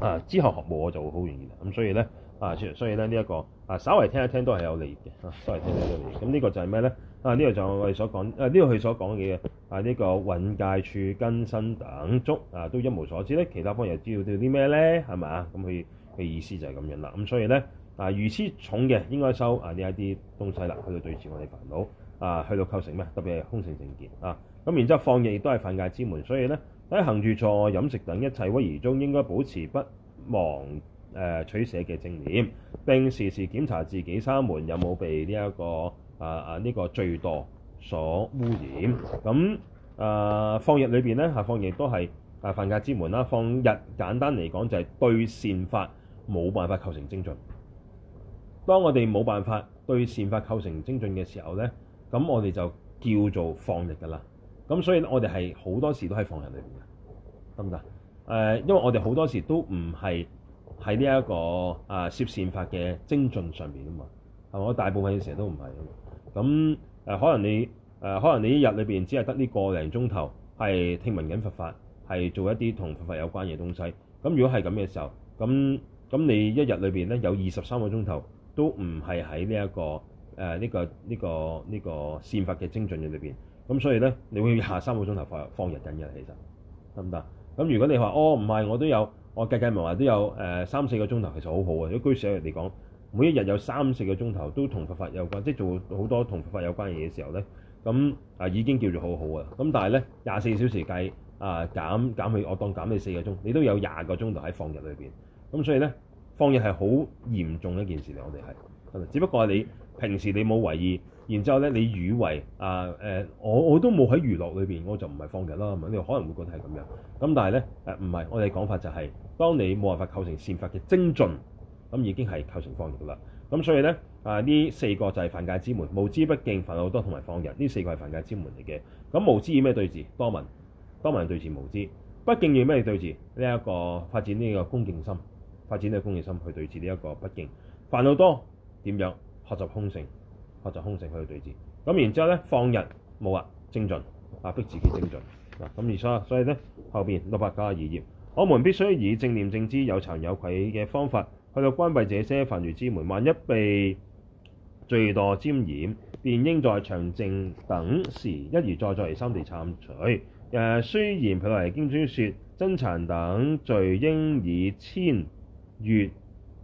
啊之後學無我就好容易啦。咁所以咧，啊，所以咧呢一個啊，稍微聽一聽都係有利益嘅，稍微聽一聽都係。咁呢個就係咩咧？啊，呢個就我哋所講，啊，呢個佢所講嘅啊，呢個蘊界處根身等足啊，都一無所知咧。其他方又知道啲咩咧？係咪啊？咁佢嘅意思就係咁樣啦。咁、啊、所以咧，啊，如此重嘅應該收啊呢一啲東西啦，去到對治我哋煩惱啊，去到構成咩？特別係空性正見啊。咁然之後放逸亦都係犯戒之門，所以咧。喺行住坐臥、飲食等一切威儀中，應該保持不忘誒、呃、取捨嘅正念，並時時檢查自己三門有冇被呢、這、一個啊啊呢個罪墮所污染。咁啊、呃、放逸裏邊咧，啊放逸都係啊犯戒之門啦。放逸簡單嚟講就係對善法冇辦法構成精進。當我哋冇辦法對善法構成精進嘅時候咧，咁我哋就叫做放逸噶啦。咁所以咧，我哋係好多時都喺放逸裏邊嘅，得唔得？誒、呃，因為我哋好多時都唔係喺呢一個誒、啊、涉善法嘅精進上邊啊嘛，係嘛？我大部分嘅時候都唔係啊嘛。咁誒、呃，可能你誒、呃，可能你一日裏邊只係得呢個零鐘頭係聽聞緊佛法，係做一啲同佛法有關嘅東西。咁如果係咁嘅時候，咁咁你一日裏邊咧有二十三個鐘頭都唔係喺呢一個誒呢、呃呢個呢、呢個呢、呢個這個善法嘅精進嘅裏邊。咁所以咧，你會廿三個鐘頭放放日緊嘅，其實得唔得？咁如果你話哦唔係，我都有，我計計埋話都有誒三四個鐘頭，其實好好啊！如果居士嚟講，每一日有三四個鐘頭都同佛法有關，即係做好多同佛法有關嘅嘢嘅時候咧，咁啊、呃、已經叫做好好啊！咁但係咧，廿四小時計啊、呃、減減去我當減你四個鐘，你都有廿個鐘頭喺放日裏邊。咁所以咧，放日係好嚴重嘅一件事嚟，我哋係，只不過係你平時你冇為意。然之後咧，你以為啊誒，我我都冇喺娛樂裏邊，我就唔係放逸啦。你可能會覺得係咁樣。咁但係咧誒，唔、啊、係我哋講法就係、是，當你冇辦法構成善法嘅精進，咁已經係構成放逸噶啦。咁所以咧啊，呢四個就係犯戒之門：無知、不敬、煩惱多同埋放逸，呢四個係犯戒之門嚟嘅。咁無知以咩對治？多聞，多聞對治無知。不敬要咩對治？呢、這、一個發展呢個恭敬心，發展呢個恭敬心去對治。呢一個不敬。煩惱多點樣？學習空性。學空性去對治，咁然之後咧，放人冇啊精進啊，逼自己精進啊。咁而所所以咧，後邊六百九十二頁，我們必須以正念、正知、有慚有愧嘅方法去到關閉這些犯罪之門。萬一被罪墮沾染，便應在長淨等時一而再、再而三地懺除。誒、呃、雖然毘奈耶經中說僧殘等罪應以遷、悅、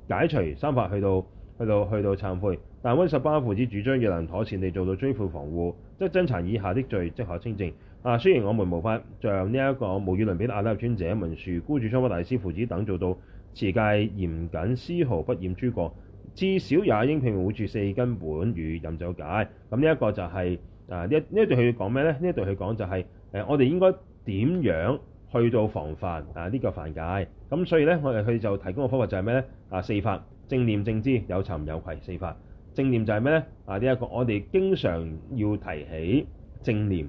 解除三法，去到去到去到懺悔。但溫薩巴父子主張，若能妥善地做到追悔、防護，則僧殘以下的罪即可清淨。啊，雖然我們無法像呢一個無與倫比的阿底峽尊者、文殊怙主宗喀巴大師父子等做到持戒嚴謹，絲毫不染諸過，至少也應聘護住四根本與飲酒戒。咁呢一個就係、是、啊這這什麼呢呢一段佢講咩咧？呢一段佢講就係、是、誒、呃，我哋應該點樣去做防範啊？呢、這個犯戒。咁，所以咧我哋佢就提供嘅方法就係咩咧？啊，四法正念正知有慚有愧四法。正念就係咩咧？啊，呢、這、一個我哋經常要提起正念。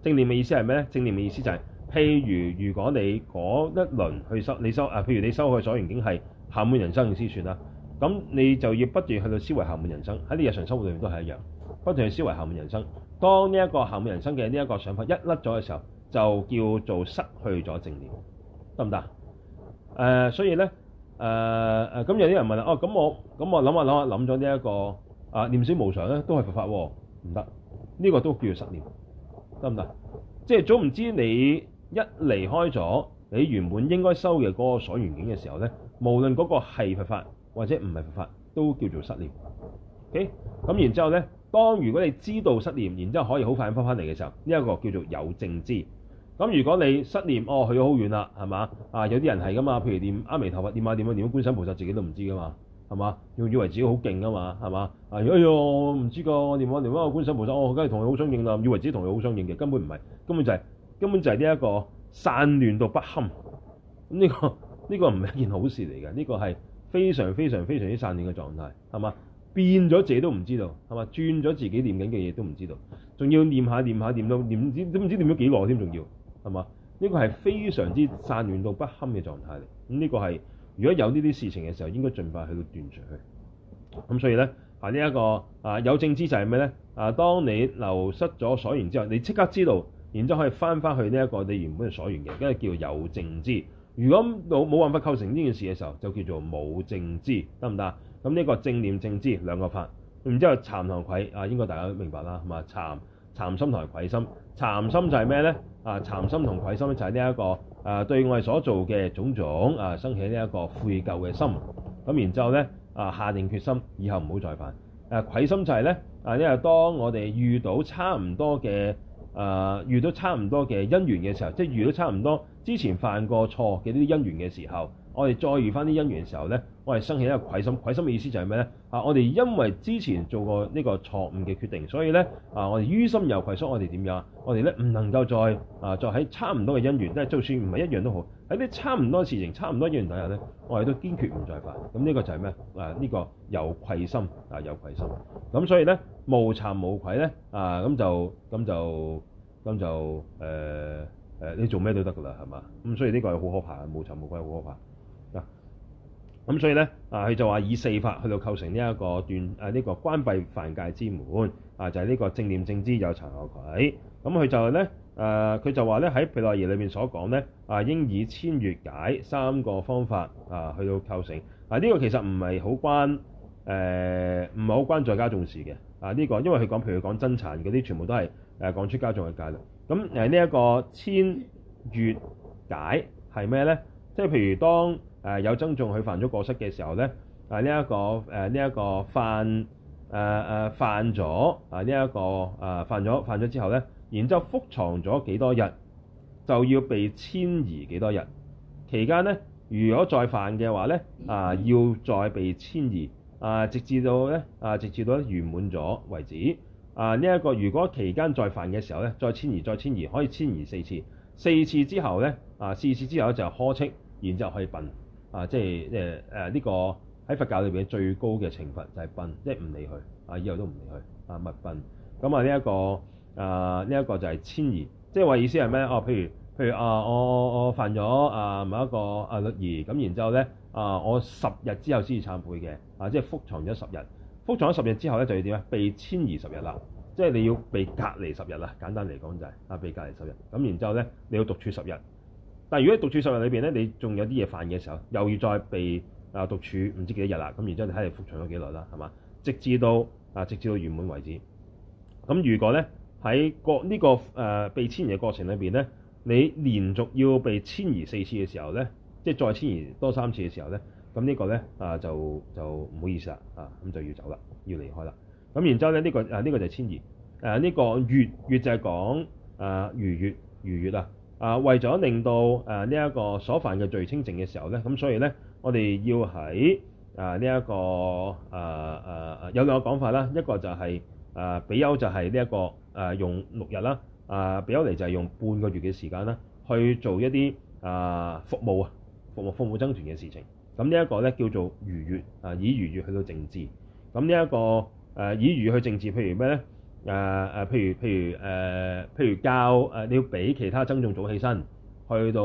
正念嘅意思係咩咧？正念嘅意思就係、是，譬如如果你嗰一輪去收你收啊，譬如你收去咗，已經係暇滿人生嘅思算啦。咁你就要不斷去到思維暇滿人生，喺你嘅日常生活裏面都係一樣，不斷去思維暇滿人生。當呢一個暇滿人生嘅呢一個想法一甩咗嘅時候，就叫做失去咗正念，得唔得？誒、啊，所以咧。誒誒，咁、呃、有啲人問啦，哦，咁我咁我諗下諗下諗咗呢一，想一想、這個啊念死無常咧，都係佛法喎，唔得，呢、呢個都叫做失念，得唔得？即係總唔知你一離開咗你原本應該修嘅嗰個所緣境嘅時候呢，無論嗰個係佛法或者唔係佛法，都叫做失念。咁、okay? 然之後呢，當如果你知道失念，然之後可以好快咁翻翻嚟嘅時候，呢、這、一個叫做有正知。咁如果你失念，哦去咗好遠啦，係嘛啊？有啲人係噶嘛，譬如念阿彌陀佛，念啊念啊唸，連觀世菩薩自己都唔知噶嘛，係嘛？仲以為自己好勁噶嘛，係嘛？哎呦，唔知個念乜念乜個觀世菩薩，我梗係同佢好相應啦，以為自己同佢好相應嘅，根本唔係，根本就係、是、根本就係呢一個散亂到不堪。咁呢、這個呢、這個唔係一件好事嚟嘅，呢、這個係非常非常非常之散亂嘅狀態，係嘛？變咗自己都唔知道，係嘛？轉咗自己念緊嘅嘢都唔知道，仲要念下念下念到念知都唔知念咗幾耐添，仲要。係嘛？呢、這個係非常之散亂到不堪嘅狀態嚟。咁、這、呢個係如果有呢啲事情嘅時候，應該盡快去到斷絕佢。咁所以呢，係呢一個啊有正知就係咩呢？啊，當你流失咗所緣之後，你即刻知道，然之後可以翻翻去呢一個你原本嘅所緣嘅，跟住叫有正知。如果冇冇辦法構成呢件事嘅時候，就叫做冇正知，得唔得？咁、啊、呢、這個正念正知兩個法，然之後慚同愧啊，應該大家都明白啦，係嘛？慚心同愧心。慚心就係咩呢？啊，慚心同愧心就係呢一個啊，對我哋所做嘅種種啊，升起呢一個悔疚嘅心。咁然之後呢，啊，下定決心以後唔好再犯。啊，愧心就係呢，啊，因為當我哋遇到差唔多嘅啊、呃，遇到差唔多嘅因緣嘅時候，即係遇到差唔多之前犯過錯嘅呢啲因緣嘅時候。我哋再遇翻啲姻緣嘅時候咧，我哋生起一個愧心。愧心嘅意思就係咩咧？啊，我哋因為之前做過呢個錯誤嘅決定，所以咧啊，我哋於心有愧。所以我哋點呀？我哋咧唔能夠再啊，再喺差唔多嘅姻緣，即係就算唔係一樣都好，喺啲差唔多事情、差唔多姻緣底下咧，我哋都堅決唔再犯。咁呢個就係咩啊？呢個有愧心啊，有愧心。咁所以咧，無慚無愧咧啊，咁就咁就咁就誒誒、呃，你做咩都得㗎啦，係嘛？咁所以呢個係好可怕嘅，無慚無愧好可怕。無咁所以咧，啊，佢就話以四法去到構成呢一個斷，啊，呢、這個關閉犯戒之門，啊，就係、是、呢個正念正知有慚有愧。咁佢就咧，誒、啊，佢就話咧喺《毘奈耶》裏面所講咧，啊，應以遷悅解三個方法，啊，去到構成。啊，呢、這個其實唔係好關，誒、呃，唔係好關在家眾事嘅。啊，呢、這個因為佢講，譬如講僧殘嗰啲，全部都係誒、啊、講出家眾嘅戒律。咁誒呢一個遷悅解係咩咧？即係譬如當。誒、啊、有增重，佢犯咗過失嘅時候咧，啊呢一個誒呢一個犯誒誒、啊啊、犯咗啊呢一個啊犯咗犯咗之後咧，然之後覆藏咗幾多日，就要被遷移幾多日。期間咧，如果再犯嘅話咧，啊要再被遷移啊，直至到咧啊直至到呢完滿咗為止啊。呢、這、一個如果期間再犯嘅時候咧，再遷移再遷移，可以遷移四次，四次之後咧啊四次之後就呵斥，然之後可以笨。啊，即係誒誒呢個喺佛教裏邊最高嘅懲罰就係笨，即係唔理佢，啊以後都唔理佢，啊勿笨。咁、這個、啊呢一個啊呢一個就係遷移，即係話意思係咩？哦，譬如譬如啊，我我犯咗啊某一個啊律儀，咁然後之後咧啊，我十日之後先至懺悔嘅，啊即係覆藏咗十日，覆藏咗十日之後咧就要點啊？被遷移十日啦，即係你要被隔離十日啦。簡單嚟講就係、是、啊，被隔離十日，咁然後之後咧你要獨處十日。但如果獨處十日裏面咧，你仲有啲嘢犯嘅時候，又要再被啊獨處唔知幾多日啦，咁然之後睇嚟復場咗幾耐啦，係嘛？直至到啊直至到圓滿為止。咁如果咧喺、這個呢個誒被遷移嘅過程裏面咧，你連續要被遷移四次嘅時候咧，即係再遷移多三次嘅時候咧，咁呢個咧啊就就唔好意思啦啊，咁就要走啦，要離開啦。咁然之後咧呢、這個呢、啊這個就係遷移呢、啊這個月月就係講啊如月如月啊。啊，為咗令到誒呢一個所犯嘅罪清淨嘅時候咧，咁所以咧，我哋要喺誒呢一個誒誒、啊啊、有兩個講法啦，一個就係、是、誒、啊、比丘就係呢一個誒、啊、用六日啦，啊比丘尼就係用半個月嘅時間啦，去做一啲誒服務啊，服務服務，服務僧團嘅事情。咁呢一個咧叫做逾越啊，以逾越去到淨治。咁呢一個誒、啊、以逾去淨治，譬如咩咧？誒誒、啊，譬如譬如誒，譬如教誒、啊啊，你要俾其他僧眾早起身，去到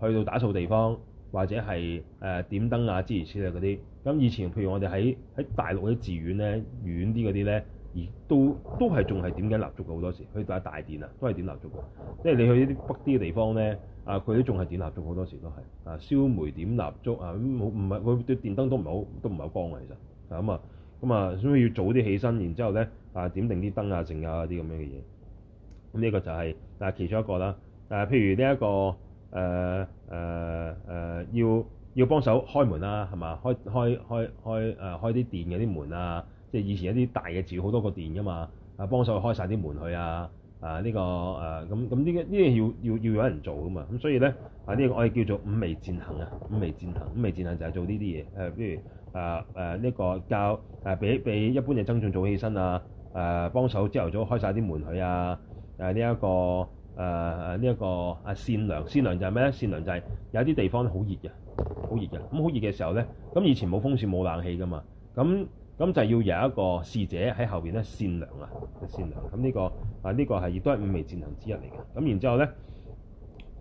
去到打掃地方，或者係誒、啊、點燈啊之類似嘅嗰啲。咁以前譬如我哋喺喺大陸嗰啲寺院咧，遠啲嗰啲咧，而都都係仲係點緊蠟燭嘅好多時，去到啊大殿啊都係點蠟燭嘅。即係你去呢啲北啲嘅地方咧，啊佢都仲係點蠟燭好，就是啊、多時都係啊燒煤點蠟燭啊，咁，冇唔係佢啲電燈都唔係好，都唔係好光嘅，其實，咁啊咁啊所以要早啲起身，然之後咧。啊點定啲燈啊剩啊啲咁樣嘅嘢，咁呢個就係、是、啊其中一個啦。誒、啊，譬如呢、這、一個誒誒誒，要要幫手開門啦、啊，係嘛？開開開、呃、開誒開啲電嘅啲門啊，即係以前一啲大嘅字，好多個電噶嘛。啊，幫手開晒啲門去啊。啊呢、這個誒咁咁呢啲嘢要要要有人做噶嘛。咁所以咧啊呢、這個我哋叫做五味戰行啊，五味戰行，五味戰行就係做呢啲嘢。誒、啊，譬如啊誒呢、啊這個教誒、啊、比比一般嘅僧眾早起身啊！誒幫手朝頭早開曬啲門去啊！誒呢一個誒誒呢一個啊扇涼，扇涼就係咩咧？扇涼就係有啲地方好熱嘅，好熱嘅咁好熱嘅時候咧，咁以前冇風扇冇冷氣㗎嘛，咁咁就要有一個侍者喺後邊咧扇涼啊，扇涼咁呢個啊呢個係亦都係五味技能之一嚟嘅。咁、啊、然之後咧誒誒，譬、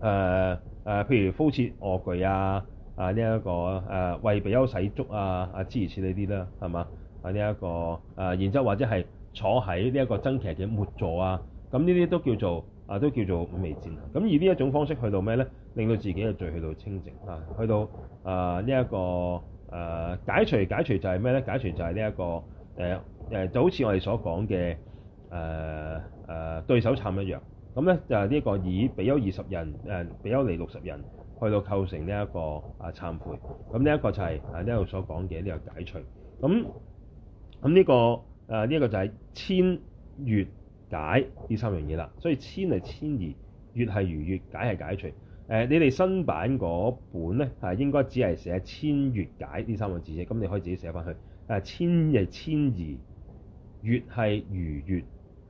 啊啊、如敷設臥具啊啊呢一個誒為被優洗足啊資資啊之類似呢啲啦，係嘛啊呢一個啊然之後或者係。坐喺呢一個僧伽嘅末座啊，咁呢啲都叫做啊，都叫做微戰啊。咁以呢一種方式去到咩咧？令到自己嘅罪去到清淨啊，去到啊呢一、這個啊解除解除就係咩咧？解除就係呢一、這個誒誒、啊、就好似我哋所講嘅誒誒對首懺一樣。咁、啊、咧就呢、是、一個以比丘二十人誒，比丘尼六十人去到構成呢、這、一個啊懺悔。咁呢一個就係啊呢度所講嘅呢個解除。咁咁呢個。啊！呢、這個就係遷越解呢三樣嘢啦，所以遷係遷移，越係逾越，解係解除。誒、呃，你哋新版嗰本咧，啊應該只係寫遷越解呢三個字啫，咁你可以自己寫翻去。啊，遷係遷移，越係逾越，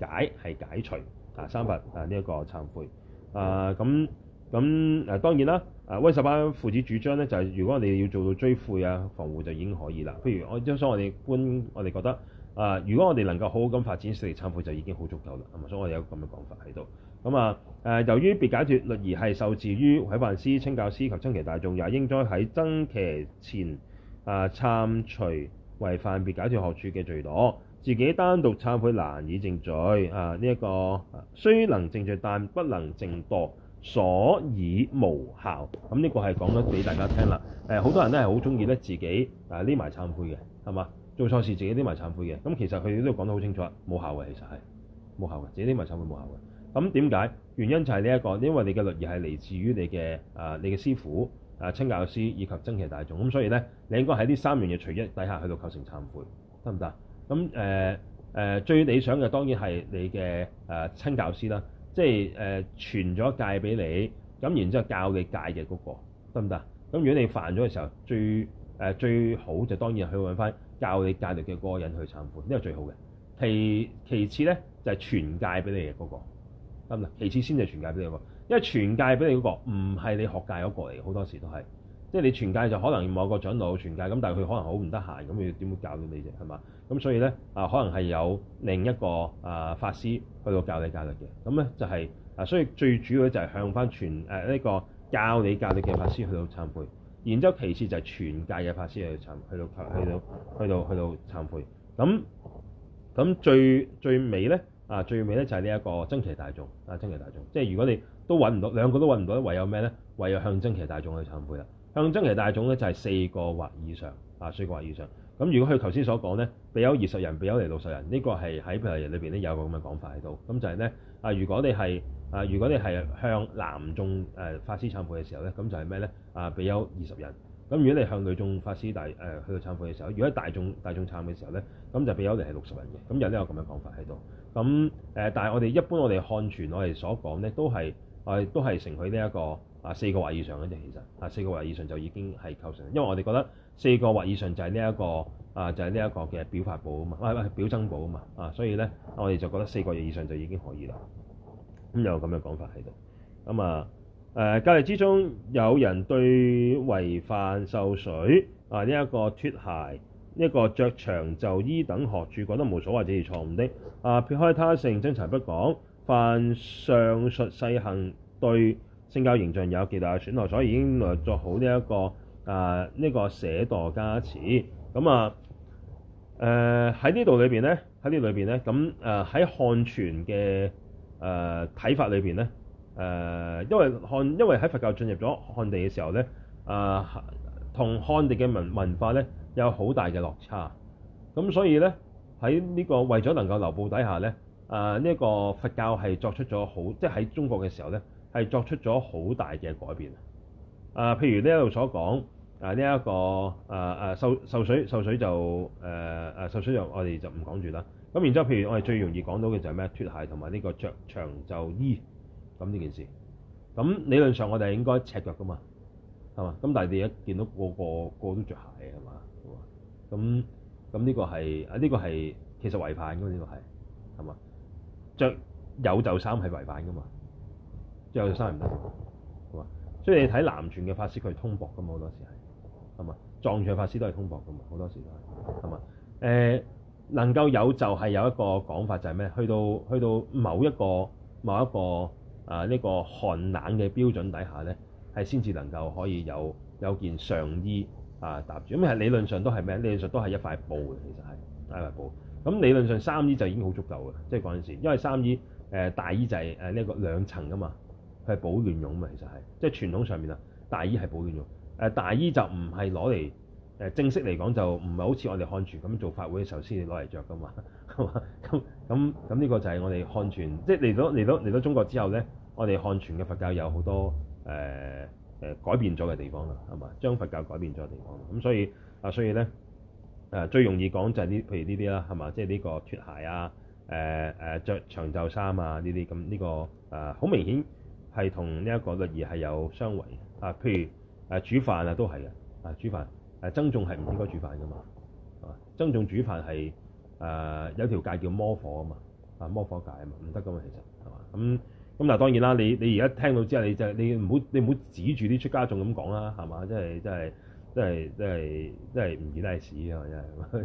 解係解除。啊，三筆啊，呢一個懺悔。啊、咁、這、咁、個啊啊、當然啦。啊，溫薩巴父子主張咧，就係、是、如果我哋要做到追悔啊、防護就已經可以啦。譬如我，之所我哋觀，我哋覺得啊，如果我哋能夠好好咁發展四力懺悔，就已經好足夠啦。咁所以我哋有咁嘅講法喺度。咁啊，誒、啊，由於別解脫律儀係受制於軌範師、親教師及僧伽大眾，也應該喺僧伽前啊，懺除違犯別解脫學處嘅罪墮，自己單獨懺悔難以淨罪啊。呢、這、一個雖能淨罪，但不能淨墮。所以無效，咁呢個係講咗俾大家聽啦。好多人咧係好中意咧自己啊，匿埋懺悔嘅，係嘛？做錯事自己匿埋懺悔嘅。咁其實佢哋都講得好清楚，冇效嘅，其實係冇效嘅，自己匿埋懺悔冇效嘅。咁點解？原因就係呢一個，因為你嘅律儀係嚟自於你嘅啊，你嘅師傅、啊，親教師以及僧伽大眾。咁所以咧，你應該喺呢三樣嘢隨一底下，去到構成懺悔，得唔得？咁誒誒，最理想嘅當然係你嘅啊、呃，親教師啦。即係誒傳咗戒俾你，咁然之後教你戒嘅嗰個得唔得？咁如果你犯咗嘅時候，最、呃、最好就當然去搵翻教你戒律嘅嗰個人去參贊，呢個最好嘅。其其次咧就係傳戒俾你嘅嗰個，得唔得？其次先就係、傳戒俾你，嗰個行行你那個，因為傳戒俾你嗰個唔係你學戒嗰、嗰個嚟，好多時都係。即係你傳戒就可能要某個長老傳戒，咁但係佢可能好唔得閒，咁佢點會教到你啫？係嘛？咁所以咧啊，可能係有另一個啊法師去到教你教律嘅。咁咧就係、是、啊，所以最主要就係向翻傳誒呢個教你教你嘅法師去到懺悔。然之後其次就係傳戒嘅法師去參去到去到去到去到懺悔。咁咁最最尾咧啊，最尾咧就係呢一個僧伽大眾啊！僧伽大眾，即係如果你都揾唔到兩個都揾唔到，唯有咩咧？唯有向僧伽大眾去懺悔啦。向真旗大眾咧就係四個或以上啊，四個或以上。咁如果佢頭先所講咧，比丘二十人，比丘尼六十人，呢、這個係喺譬如裏面咧有個咁嘅講法喺度。咁就係咧啊，如果你係啊，如果你係向男眾誒法師懺悔嘅時候咧，咁就係咩咧啊？比丘二十人。咁如果你向女眾法師大誒、呃、去到懺悔嘅時候，如果大眾大眾懺悔嘅時候咧，咁就比丘尼係六十人嘅。咁有呢個咁嘅講法喺度。咁、呃、但係我哋一般我哋看傳我哋所講咧，都係啊、呃，都係承佢呢一個。啊，四個或以上嘅啫，其實啊，四個或以上就已經係構成了，因為我哋覺得四個或以上就係呢一個啊，就係呢一個嘅表法寶啊，唔係唔係表僧寶啊嘛啊，所以咧我哋就覺得四個或以上就已經可以啦。咁有咁嘅講法喺度咁啊。誒、呃，戒律之中有人對違犯受水啊呢一、這個脫鞋、一、這個着長袖衣等學處覺得無所謂，這是錯誤的啊。撇開他勝、僧殘等不講，犯上述細行對。聖教形象有極大嘅損害，所以已經來做好呢、這、一個啊呢、這個捨墮加持。咁啊誒喺、啊、呢度裏邊咧，喺呢裏邊咧，咁誒喺漢傳嘅誒睇法裏邊咧，誒、啊、因為漢因為喺佛教進入咗漢地嘅時候咧，啊同漢地嘅文文化咧有好大嘅落差，咁所以咧喺呢、這個為咗能夠流布底下咧，啊呢一、這個佛教係作出咗好，即、就、喺、是、中國嘅時候咧。係作出咗好大嘅改變啊！啊，譬如呢一度所講啊，呢一個啊啊，受受水受水就誒誒，受水就我哋就唔講住啦。咁然之後，譬如我哋最容易講到嘅就係咩脫鞋同埋呢個着長袖衣咁呢件事。咁理論上我哋係應該赤腳噶嘛，係嘛？咁但係你一見到個個個都着鞋嘅係嘛？咁咁呢個係啊呢個係其實違犯噶嘛，呢個係係嘛？着有袖衫係違犯嘅嘛？最後就生唔得，佢話：所以你睇南傳嘅法師，佢係通博噶嘛，好多時係係嘛，藏傳法師都係通博噶嘛，好多時都係係嘛。誒、呃、能夠有就係有一個講法，就係咩？去到去到某一個某一個啊呢個寒冷嘅標準底下咧，係先至能夠可以有有件上衣啊搭住。咁係理論上都係咩？理論上都係一塊布嘅，其實係一塊布。咁理論上三衣就已經好足夠嘅，即係嗰陣時，因為三衣誒、呃、大衣就係誒呢個兩層噶嘛。佢係保暖用啊嘛，其實係即係傳統上面啊，大衣係保暖用。誒、呃、大衣就唔係攞嚟誒正式嚟講就唔係好似我哋漢傳咁做法會嘅時候先攞嚟着噶嘛，係嘛？咁咁咁呢個就係我哋漢傳，即係嚟到嚟到嚟到中國之後咧，我哋漢傳嘅佛教有好多誒誒、呃、改變咗嘅地方啦，係嘛？將佛教改變咗嘅地方，咁所以啊，所以咧誒、呃、最容易講就係呢，譬如呢啲啦，係嘛？即係呢個脫鞋啊，誒誒著長袖衫啊呢啲咁呢個誒好、呃、明顯。係同呢一個律儀係有相違啊，譬如煮飯啊都係嘅啊，煮飯誒，僧眾係唔應該煮飯嘅嘛，係嘛？僧眾煮飯係有條界叫魔火啊嘛，啊，魔火界啊嘛，唔得嘅嘛，其實係嘛？咁咁嗱，當然啦，你你而家聽到之後你就係，你唔好你唔好指住啲出家眾咁講啦，係嘛？即係即係即係即係即係唔易拉屎啊！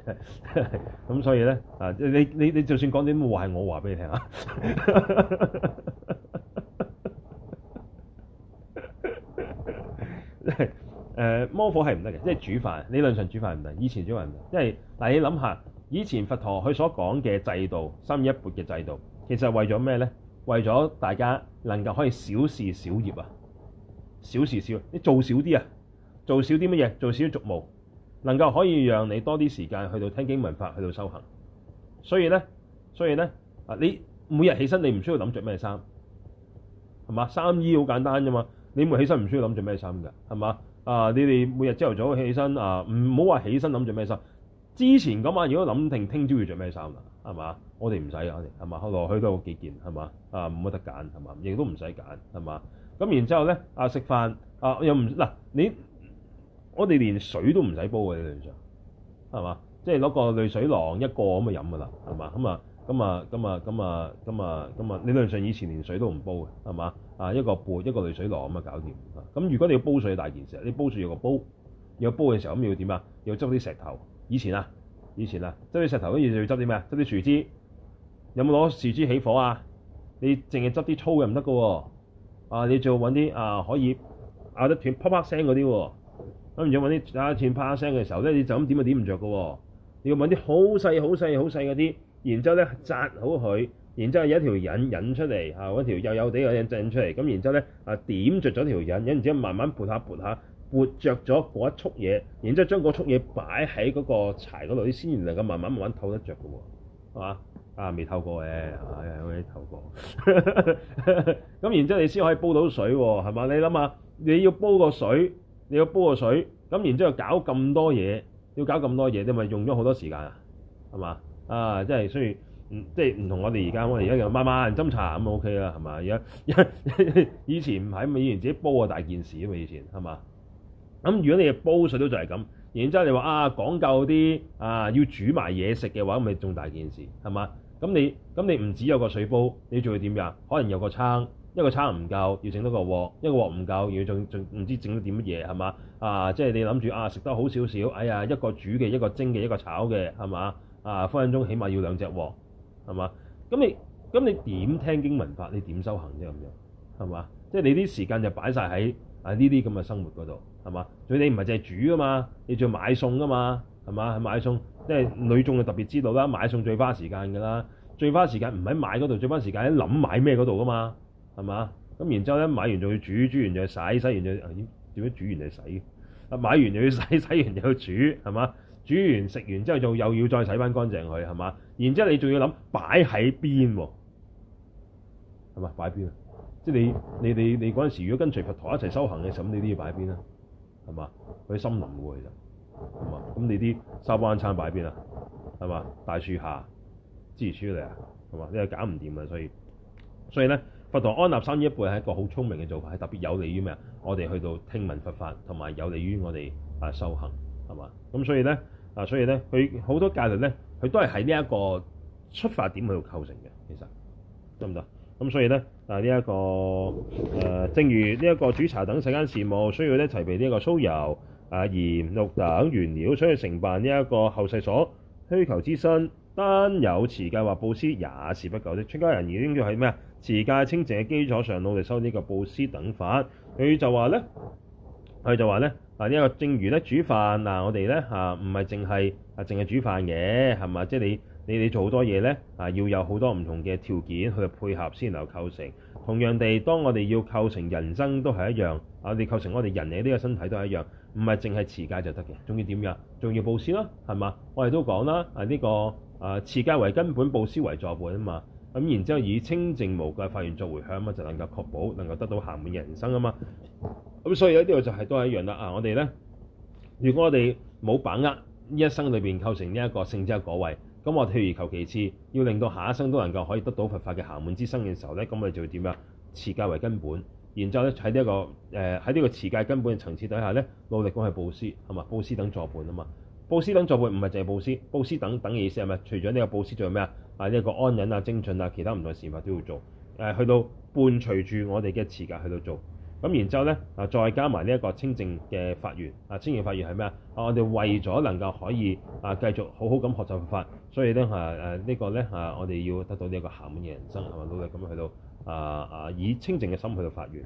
真係咁，所以咧啊，你你你就算講啲乜話係我話俾你聽啊！ 誒摸火係唔得嘅，即係煮飯理論上煮飯唔得，以前煮飯唔得。因為嗱，你諗下，以前佛陀佢所講嘅制度，三衣一缽嘅制度，其實係為咗咩咧？為咗大家能夠可以小事小業啊，小事小，你做少啲啊，做少啲乜嘢？做少啲俗務，能夠可以讓你多啲時間去到聽經聞法，去到修行。所以咧，所以咧，啊，你每日起身你唔需要諗着咩衫，係嘛？三衣好簡單啫嘛。你會起身唔需要諗住咩衫噶，係嘛？啊，你哋每日朝頭早起身啊，唔好話起身諗住咩衫。之前嗰晚如果諗定聽朝要着咩衫啦，係嘛？我哋唔使啊，我哋係嘛，落去都幾件係嘛，啊冇得揀係嘛，亦都唔使揀係嘛。咁然之後咧，啊食飯啊又唔嗱你，我哋連水都唔使煲嘅，理論上係嘛，即係攞個濾水囊一個咁啊飲噶啦，係嘛咁啊。咁啊！咁啊！咁啊！咁啊！咁啊！理論上以前連水都唔煲嘅，係嘛啊？一個缽，一個濾水囊咁啊，搞掂。咁如果你要煲水大件事。你煲水要個煲，要個煲嘅時候咁要點啊？要執啲石頭。以前啊，以前啊，執啲石頭跟住就要執啲咩啊？執啲樹枝。有冇攞樹枝起火啊？你淨係執啲粗嘅唔得嘅喎。啊，你最好揾啲啊可以拗得斷啪啪聲嗰啲喎。咁如果揾啲拗得斷啪啪聲嘅時候咧，你就咁點啊？點唔着嘅喎、啊。你要揾啲好細、好細、好細嗰啲。然之後咧，紮好佢，然之後有一條引引出嚟，啊嗰條幼幼地個引引出嚟。咁然之後咧，啊點着咗條引引，然之後慢慢撥下撥下撥着咗嗰一束嘢，然之後將嗰束嘢擺喺嗰個柴嗰度，你先至能夠慢慢慢慢透得着嘅喎，係嘛？啊未透過嘅，啊有冇透過？咁、啊、 然之後你先可以煲到水喎，係嘛？你諗下你要煲個水，你要煲個水，咁然之後搞咁多嘢，要搞咁多嘢，你咪用咗好多時間啊，係嘛？啊，即係雖然，嗯，即係唔同我哋而家，我哋而家又慢慢斟茶咁 OK 啦，係嘛？而家，以前唔係咁，以前,以前自己煲啊大件事咁啊，以前係嘛？咁如果你啊煲水都就係咁，然之後你話啊講究啲啊要煮埋嘢食嘅話，咪仲大件事係嘛？咁你咁你唔止有個水煲，你仲要點呀？可能有個鏟，一個鏟唔夠要整多個鑊，一個鑊唔夠要仲仲唔知整到點乜嘢係嘛？啊，即係你諗住啊食得好少少，哎呀一個煮嘅一個蒸嘅一個炒嘅係嘛？啊，分分鐘起碼要兩隻鑊，係嘛？咁你咁你點聽經聞法？你點修行啫咁樣？係嘛？即係你啲時間就擺晒喺啊呢啲咁嘅生活嗰度，係嘛？所以你唔係淨係煮啊嘛，你仲要買餸啊嘛，係嘛？買餸即係女眾就特別知道啦，買餸最花時間㗎啦，最花時間唔喺買嗰度，最花時間喺諗買咩嗰度㗎嘛，係嘛？咁然之後咧買完就要煮，煮完就、哎、煮完就要洗，洗完仲點點樣煮完嚟洗嘅？買完又要洗，洗完又要煮，係嘛？煮完食完之後，就又要再洗翻乾淨佢，係嘛？然之後你仲要諗擺喺邊喎，係嘛？擺邊啊？即係你你你你嗰陣時，如果跟隨佛陀一齊修行嘅時候，你都要擺邊啊？係嘛？喺森林嘅其實，係嘛？咁你啲沙煲餐擺邊啊？係嘛？大樹下，枝樹嚟啊？係嘛？呢個搞唔掂啊，所以所以咧，佛陀安立僧伽呢一輩係一個好聰明嘅做法，係特別有利於咩啊？我哋去到聽聞佛法，同埋有，有利於我哋啊修行，係嘛？咁所以咧。啊，所以咧，佢好多戒律咧，佢都係喺呢一個出發點去度構成嘅，其實得唔得？咁、嗯、所以咧，啊呢一、這個誒、呃，正如呢一個煮茶等世間事務，需要一齊備呢一個酥油、啊鹽、肉等原料，所以承辦呢一個後世所需求之身，單有持戒或布施也是不夠的。出家人已應該喺咩啊？持戒清淨嘅基礎上，努力修呢個布施等法。佢就話咧。佢就話咧，啊呢一個正如咧煮飯嗱，我哋呢，嚇，唔係淨係啊淨係煮飯嘅係嘛？即係你你做好多嘢呢，啊，要有好多唔同嘅條件去配合先，能夠構成。同樣地，當我哋要構成人生都係一樣啊，我哋構成我哋人嘅呢個身體都係一樣，唔係淨係持戒就得嘅，仲要點噶？仲要布施啦，係嘛？我哋都講啦，啊呢個啊持戒為根本，布施為助伴啊嘛。咁然之後以清淨無垢發現作迴向啊，就能夠確保能夠得到暇滿嘅人生啊嘛。咁、嗯、所以呢啲就係都係一樣啦。啊，我哋咧，如果我哋冇把握呢一生裏面構成呢一個聖者果位，咁我哋譬如求其次，要令到下一生都能夠可以得到佛法嘅行門之身嘅時候咧，咁我哋就會點呀？持戒為根本，然之後咧喺呢一個喺呢個持戒、呃、根本嘅層次底下咧，努力去布施係嘛？布施等作伴啊嘛。布施等作伴唔係淨係布施，布施等，等等意思係咪？除咗呢個布施，仲有咩啊？啊、這、呢個安忍啊、精進啊，其他唔同事物都要做。誒、呃、去到伴隨住我哋嘅持戒去到做。咁然之後咧啊，再加埋呢一個清淨嘅發願。啊，清淨發願係咩啊？我哋為咗能夠可以啊，繼續好好咁學習法，所以咧啊誒呢、這個咧我哋要得到呢一個暇滿嘅人生，係咪都係咁去到啊啊？以清淨嘅心去到發願。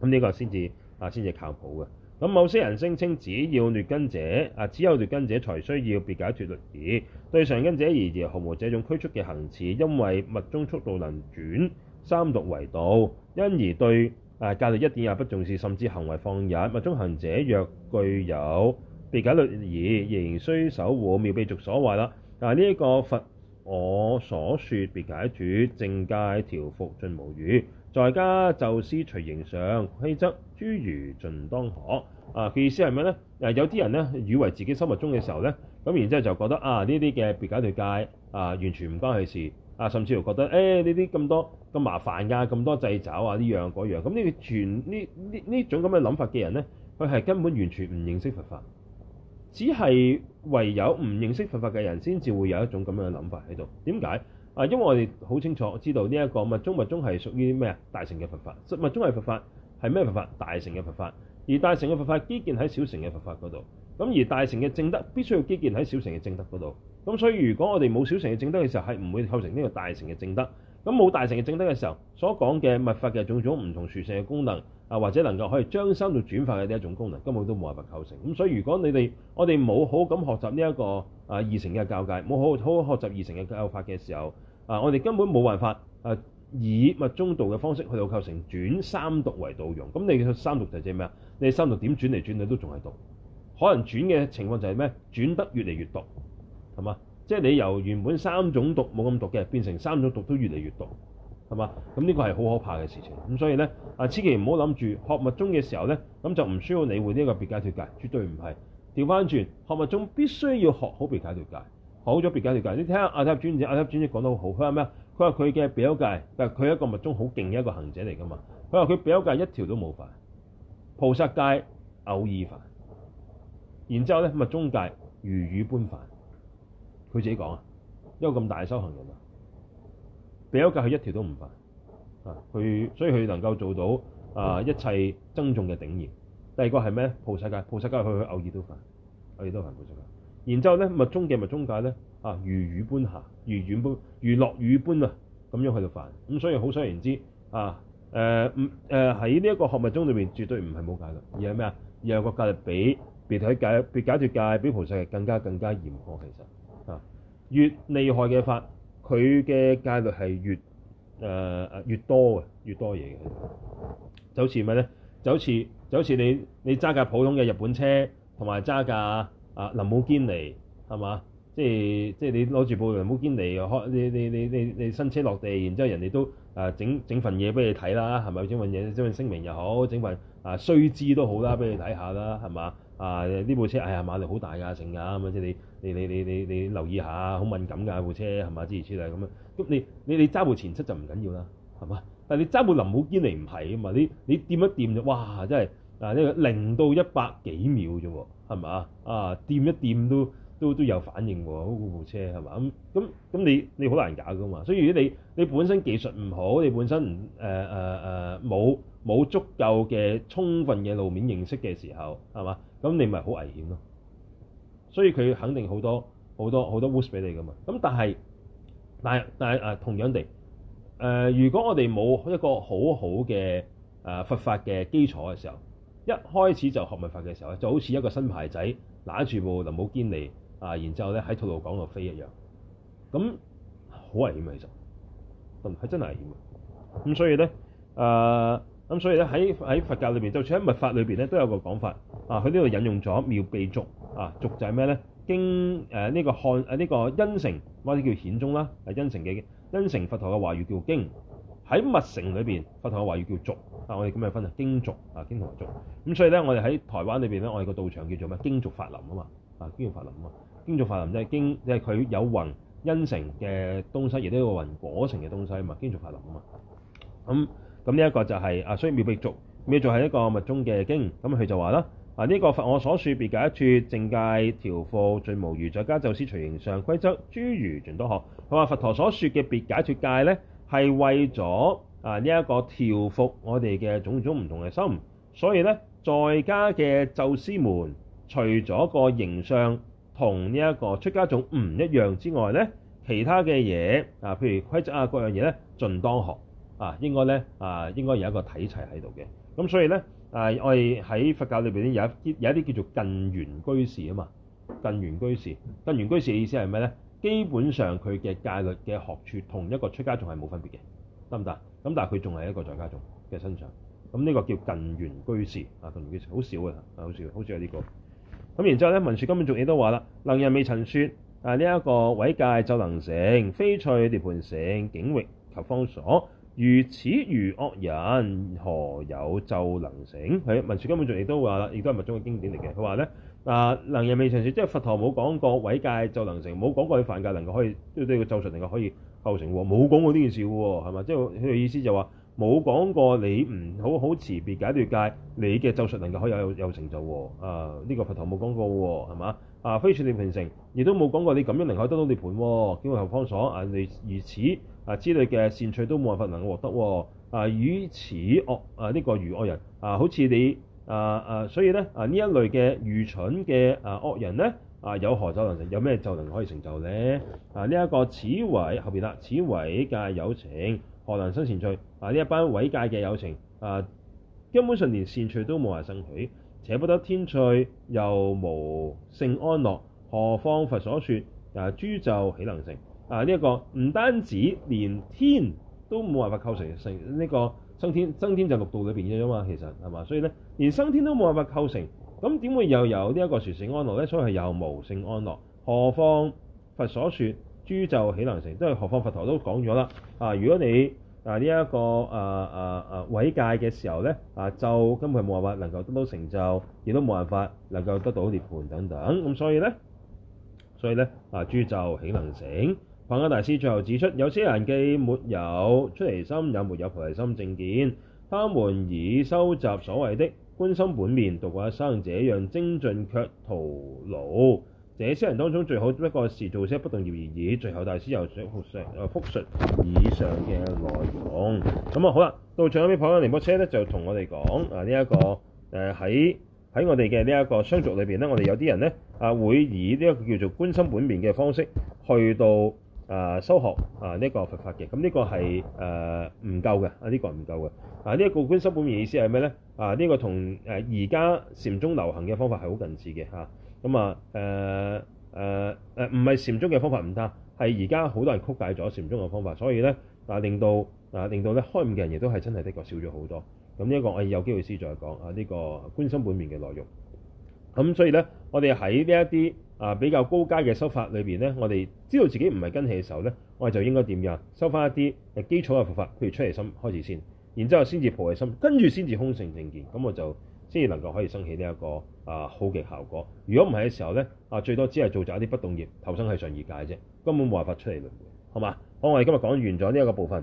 咁、這、呢個先至啊，先至靠譜嘅。咁某些人聲稱，只要劣根者啊，只有劣根者才需要別解脫律儀，對上根者而言毫無這種拘束嘅行持，因為密宗速道能轉三毒為道，因而對。啊戒律一點也不重視，甚至行為放任。物中行者若具有別解律義，仍須守護妙秘俗所壞啦。啊呢一、這個佛我所說別解主正戒條服盡無餘，在家就施隨形上規則諸如盡當可。啊嘅意思係咩呢？誒、啊、有啲人咧以為自己心目中嘅時候呢，咁然之後就覺得啊呢啲嘅別解律戒，戒啊完全唔關佢事。啊，甚至乎覺得誒呢啲咁多咁麻煩㗎，咁多制找啊，呢樣嗰樣咁，呢啲傳呢呢呢種咁嘅諗法嘅人呢，佢係根本完全唔認識佛法，只係唯有唔認識佛法嘅人先至會有一種咁樣嘅諗法喺度。點解啊？因為我哋好清楚知道呢一個密宗，密宗係屬於咩啊？大乘嘅佛法，實密宗係佛法，係咩佛法？大乘嘅佛法，而大乘嘅佛法基建喺小乘嘅佛法嗰度。咁而大乘嘅正德必須要基建喺小乘嘅正德嗰度。咁所以，如果我哋冇小乘嘅正德嘅時候，係唔會構成呢個大乘嘅正德。咁冇大乘嘅正德嘅時候，所講嘅密法嘅種種唔同殊勝嘅功能啊，或者能夠可以將三毒轉化嘅呢一種功能，根本都冇辦法構成。咁所以，如果你哋我哋冇好咁學習呢一個啊二乘嘅教界，冇好好學習二乘嘅教法嘅時候啊，我哋根本冇辦法啊以密中道嘅方式去到構成轉三毒為道用。咁你嘅三毒就係咩啊？你三毒點轉嚟轉去都仲係毒，可能轉嘅情況就係咩啊？轉得越嚟越毒。係嘛？即係你由原本三種毒冇咁毒嘅，變成三種毒都越嚟越毒，係嘛？咁呢個係好可怕嘅事情。咁所以咧，啊千祈唔好諗住學密宗嘅時候咧，咁就唔需要理會呢個別解脫戒，絕對唔係，調翻轉學密宗必須要學好別解脫戒，學好咗別解脫戒。你聽下阿底峽尊者，阿底峽尊者講得好，佢話咩？佢話佢嘅表戒，佢係一個密宗好勁嘅一個行者嚟㗎嘛。佢話佢表戒一條都冇犯，菩薩戒偶爾犯，然之後咧，密宗戒如雨般犯。佢自己講啊，因為咁大修行人啊，比丘戒佢一條都唔犯啊。佢所以佢能夠做到啊、呃、一切僧眾嘅頂嚴。第二個係咩？菩薩戒，菩薩戒佢佢偶爾都犯，偶爾都犯菩薩戒。然之後咧密宗嘅密宗戒咧嚇、啊、如雨般下，如雨般如落雨般啊，咁樣喺度犯。咁所以可想而知啊誒唔誒喺呢一個學密宗裏面絕對唔係冇戒嘅，而係咩啊？而係個戒律比別睇戒別解脫戒比菩薩戒更加更加嚴苛其實。啊，越厲害嘅法，佢嘅戒律係越誒誒越多嘅，越多嘢嘅。就好似咩咧？就好似就好似你你揸架普通嘅日本車，同埋揸架啊林寶堅尼，係嘛？即係即係你攞住部林寶堅尼開，你你你你你新車落地，然之後人哋都啊、呃、整整份嘢俾你睇啦，係咪？整份嘢，整份聲明又好，整份啊須知都好啦，俾你睇下啦，係嘛？啊！呢部車，哎呀，馬力好大㗎，成㗎咁啊！即係你你你你你你留意下，好敏感㗎部車係嘛？之前出嚟咁樣，咁你你你揸部前七就唔緊要啦，係嘛？但係你揸部林寶堅尼唔係啊嘛？你你掂一掂就哇！真係啊！呢零到一百幾秒啫喎，係嘛？啊掂一掂都都都有反應喎，嗰部車係嘛？咁咁咁你你好難搞㗎嘛？所以如果你你本身技術唔好，你本身誒誒誒冇冇足夠嘅充分嘅路面認識嘅時候，係嘛？咁你咪好危險咯，所以佢肯定好多好多好多 push 俾你噶嘛。咁但係，但係但係、呃、同樣地、呃、如果我哋冇一個好好嘅誒佛法嘅基礎嘅時候，一開始就學密法嘅時候咧，就好似一個新牌仔揦住部林寶堅尼啊、呃，然之後咧喺吐露港路講度飛一樣，咁、呃、好危險嘅、啊，其實，係真係危險嘅、啊。咁所以咧咁所以咧喺喺佛教裏邊，就算喺密法裏邊咧，都有個講法啊。佢呢度引用咗妙臂續。啊，續、啊、就係咩咧？經誒呢、呃這個漢呢、啊這個因乘或者叫顯宗啦，係因乘嘅。因乘佛陀嘅話語叫經。喺密乘裏邊，佛陀嘅話語叫續啊。我哋咁樣分啊，經續，啊，經同埋續。咁所以咧，我哋喺台灣裏邊咧，我哋個道場叫做咩？經續法林啊嘛，啊經續法林啊嘛，經續法林即係、啊經,啊、經,經，即係佢有雲因乘嘅東西，亦都有雲果乘嘅東西啊嘛，經續法林啊嘛。咁、嗯咁呢一個就係、是、啊，所以妙別續，妙續係一個密宗嘅經。咁佢就話啦：啊，呢個佛我所説別解處正戒條課最無餘，在家咒師隨形上規則，諸如全都學。佢話佛陀所説嘅別解脫戒咧，係為咗啊呢一、這個調服我哋嘅種種唔同嘅心。所以咧，在家嘅咒師們，除咗個形相同呢一個出家種唔一樣之外咧，其他嘅嘢啊，譬如規則啊，各樣嘢咧，盡當學。啊，應該咧啊，應該有一個體制喺度嘅。咁所以咧，誒、啊，我哋喺佛教裏邊咧有一啲有一啲叫做近緣居士啊嘛。近緣居士，近緣居士嘅意思係咩咧？基本上佢嘅戒律嘅學處同一個出家眾係冇分別嘅，得唔得？咁但係佢仲係一個在家居士嘅身上。咁呢個叫近緣居士啊。近緣居士好少嘅，好少，好少有呢、這個。咁然之後咧，文殊根本仲亦都話啦，能仁未曾說，啊呢一、這個毀戒咒能成，非趣涅槃城，境域及方所。於此愚惡人，何有咒能成？係文殊根本續亦都話啦，亦都係密宗嘅經典嚟嘅。佢話咧啊，能仁未曾說，即係佛陀冇講過毀戒咒能成，冇講過你犯戒能夠可以即係呢個咒術能夠可以構成喎，冇講過呢件事嘅喎，係嘛？即係佢嘅意思就話冇講過你唔好好持別解脫戒，你嘅咒術能夠可以有有成就喎。啊，呢、這個佛陀冇講過喎，係嘛？啊，非趣涅槃城，亦都冇講過你咁樣能夠得到涅槃喎。境域及方所啊，你如此。啊！之類嘅善趣都冇辦法能獲得、哦、啊！與此惡啊呢、這個愚惡人啊，好似你啊啊，所以咧啊呢一類嘅愚蠢嘅啊惡人咧啊，有何就能成？有咩就能可以成就咧？啊呢一、這個此為後邊啦，此為界友情，何能生善趣？啊呢一班偉界嘅友情啊，根本上連善趣都冇辦法生起，且不得天趣，又無性安樂，何況佛所說啊？諸就豈能成？啊！呢、這、一個唔單止連天都冇辦法構成成呢個生天生天就六道裏邊嘅啫嘛，其實係嘛？所以咧，連生天都冇辦法構成，咁點會又有呢一個殊勝安樂咧？所以係有，有無勝安樂？何況佛所說，諸咒豈能成？都係何況佛陀都講咗啦。啊，如果你啊呢一、這個啊啊啊毀戒嘅時候咧，啊咒根本冇辦法能夠得到成就，亦都冇辦法能夠得到涅槃等等。咁所以咧，所以咧啊，諸咒豈能成？帕繃喀大師最後指出，有些人既沒有出離心，也沒有菩提心正見。他們以修習所謂的觀心本面度過一生，這樣精進卻徒勞。這些人當中最好不過是做些不動業而已。最後，大師又復述以上嘅內容。咁啊，好啦，到最後尾，帕繃喀仁波切咧就同我哋講啊，呢一個誒喺喺我哋嘅呢一個相續裏邊咧，我哋有啲人咧啊會以呢一個叫做觀心本面嘅方式去到。啊，修學啊呢個、這個佛法嘅，咁、這、呢個係誒唔夠嘅，啊呢個唔夠嘅，啊呢一、這個觀心、啊這個、本面意思係咩咧？啊呢、這個同誒而家禪宗流行嘅方法係好近似嘅嚇，咁啊唔係、啊啊啊、禪宗嘅方法唔得，係而家好多人曲解咗禪宗嘅方法，所以咧啊令到啊令到咧開悟嘅人亦都係真係的，的確少咗好多，咁呢一個我有機會先再講啊呢、這個觀心本面嘅內容，咁、啊、所以咧我哋喺呢一啲。啊，比較高階嘅修法裏面咧，我哋知道自己唔係根器嘅時候咧，我哋就應該點樣收翻一啲基礎嘅佛法，譬如出離心開始先，然之後先至菩提心，跟住先至空性正見，咁我就先至能夠可以升起呢、這、一個啊好嘅效果。如果唔係嘅時候咧，啊最多只係做咗一啲不動業，投生喺上二界啫，根本冇辦法出嚟輪迴好係嘛？好，我哋今日講完咗呢一個部分。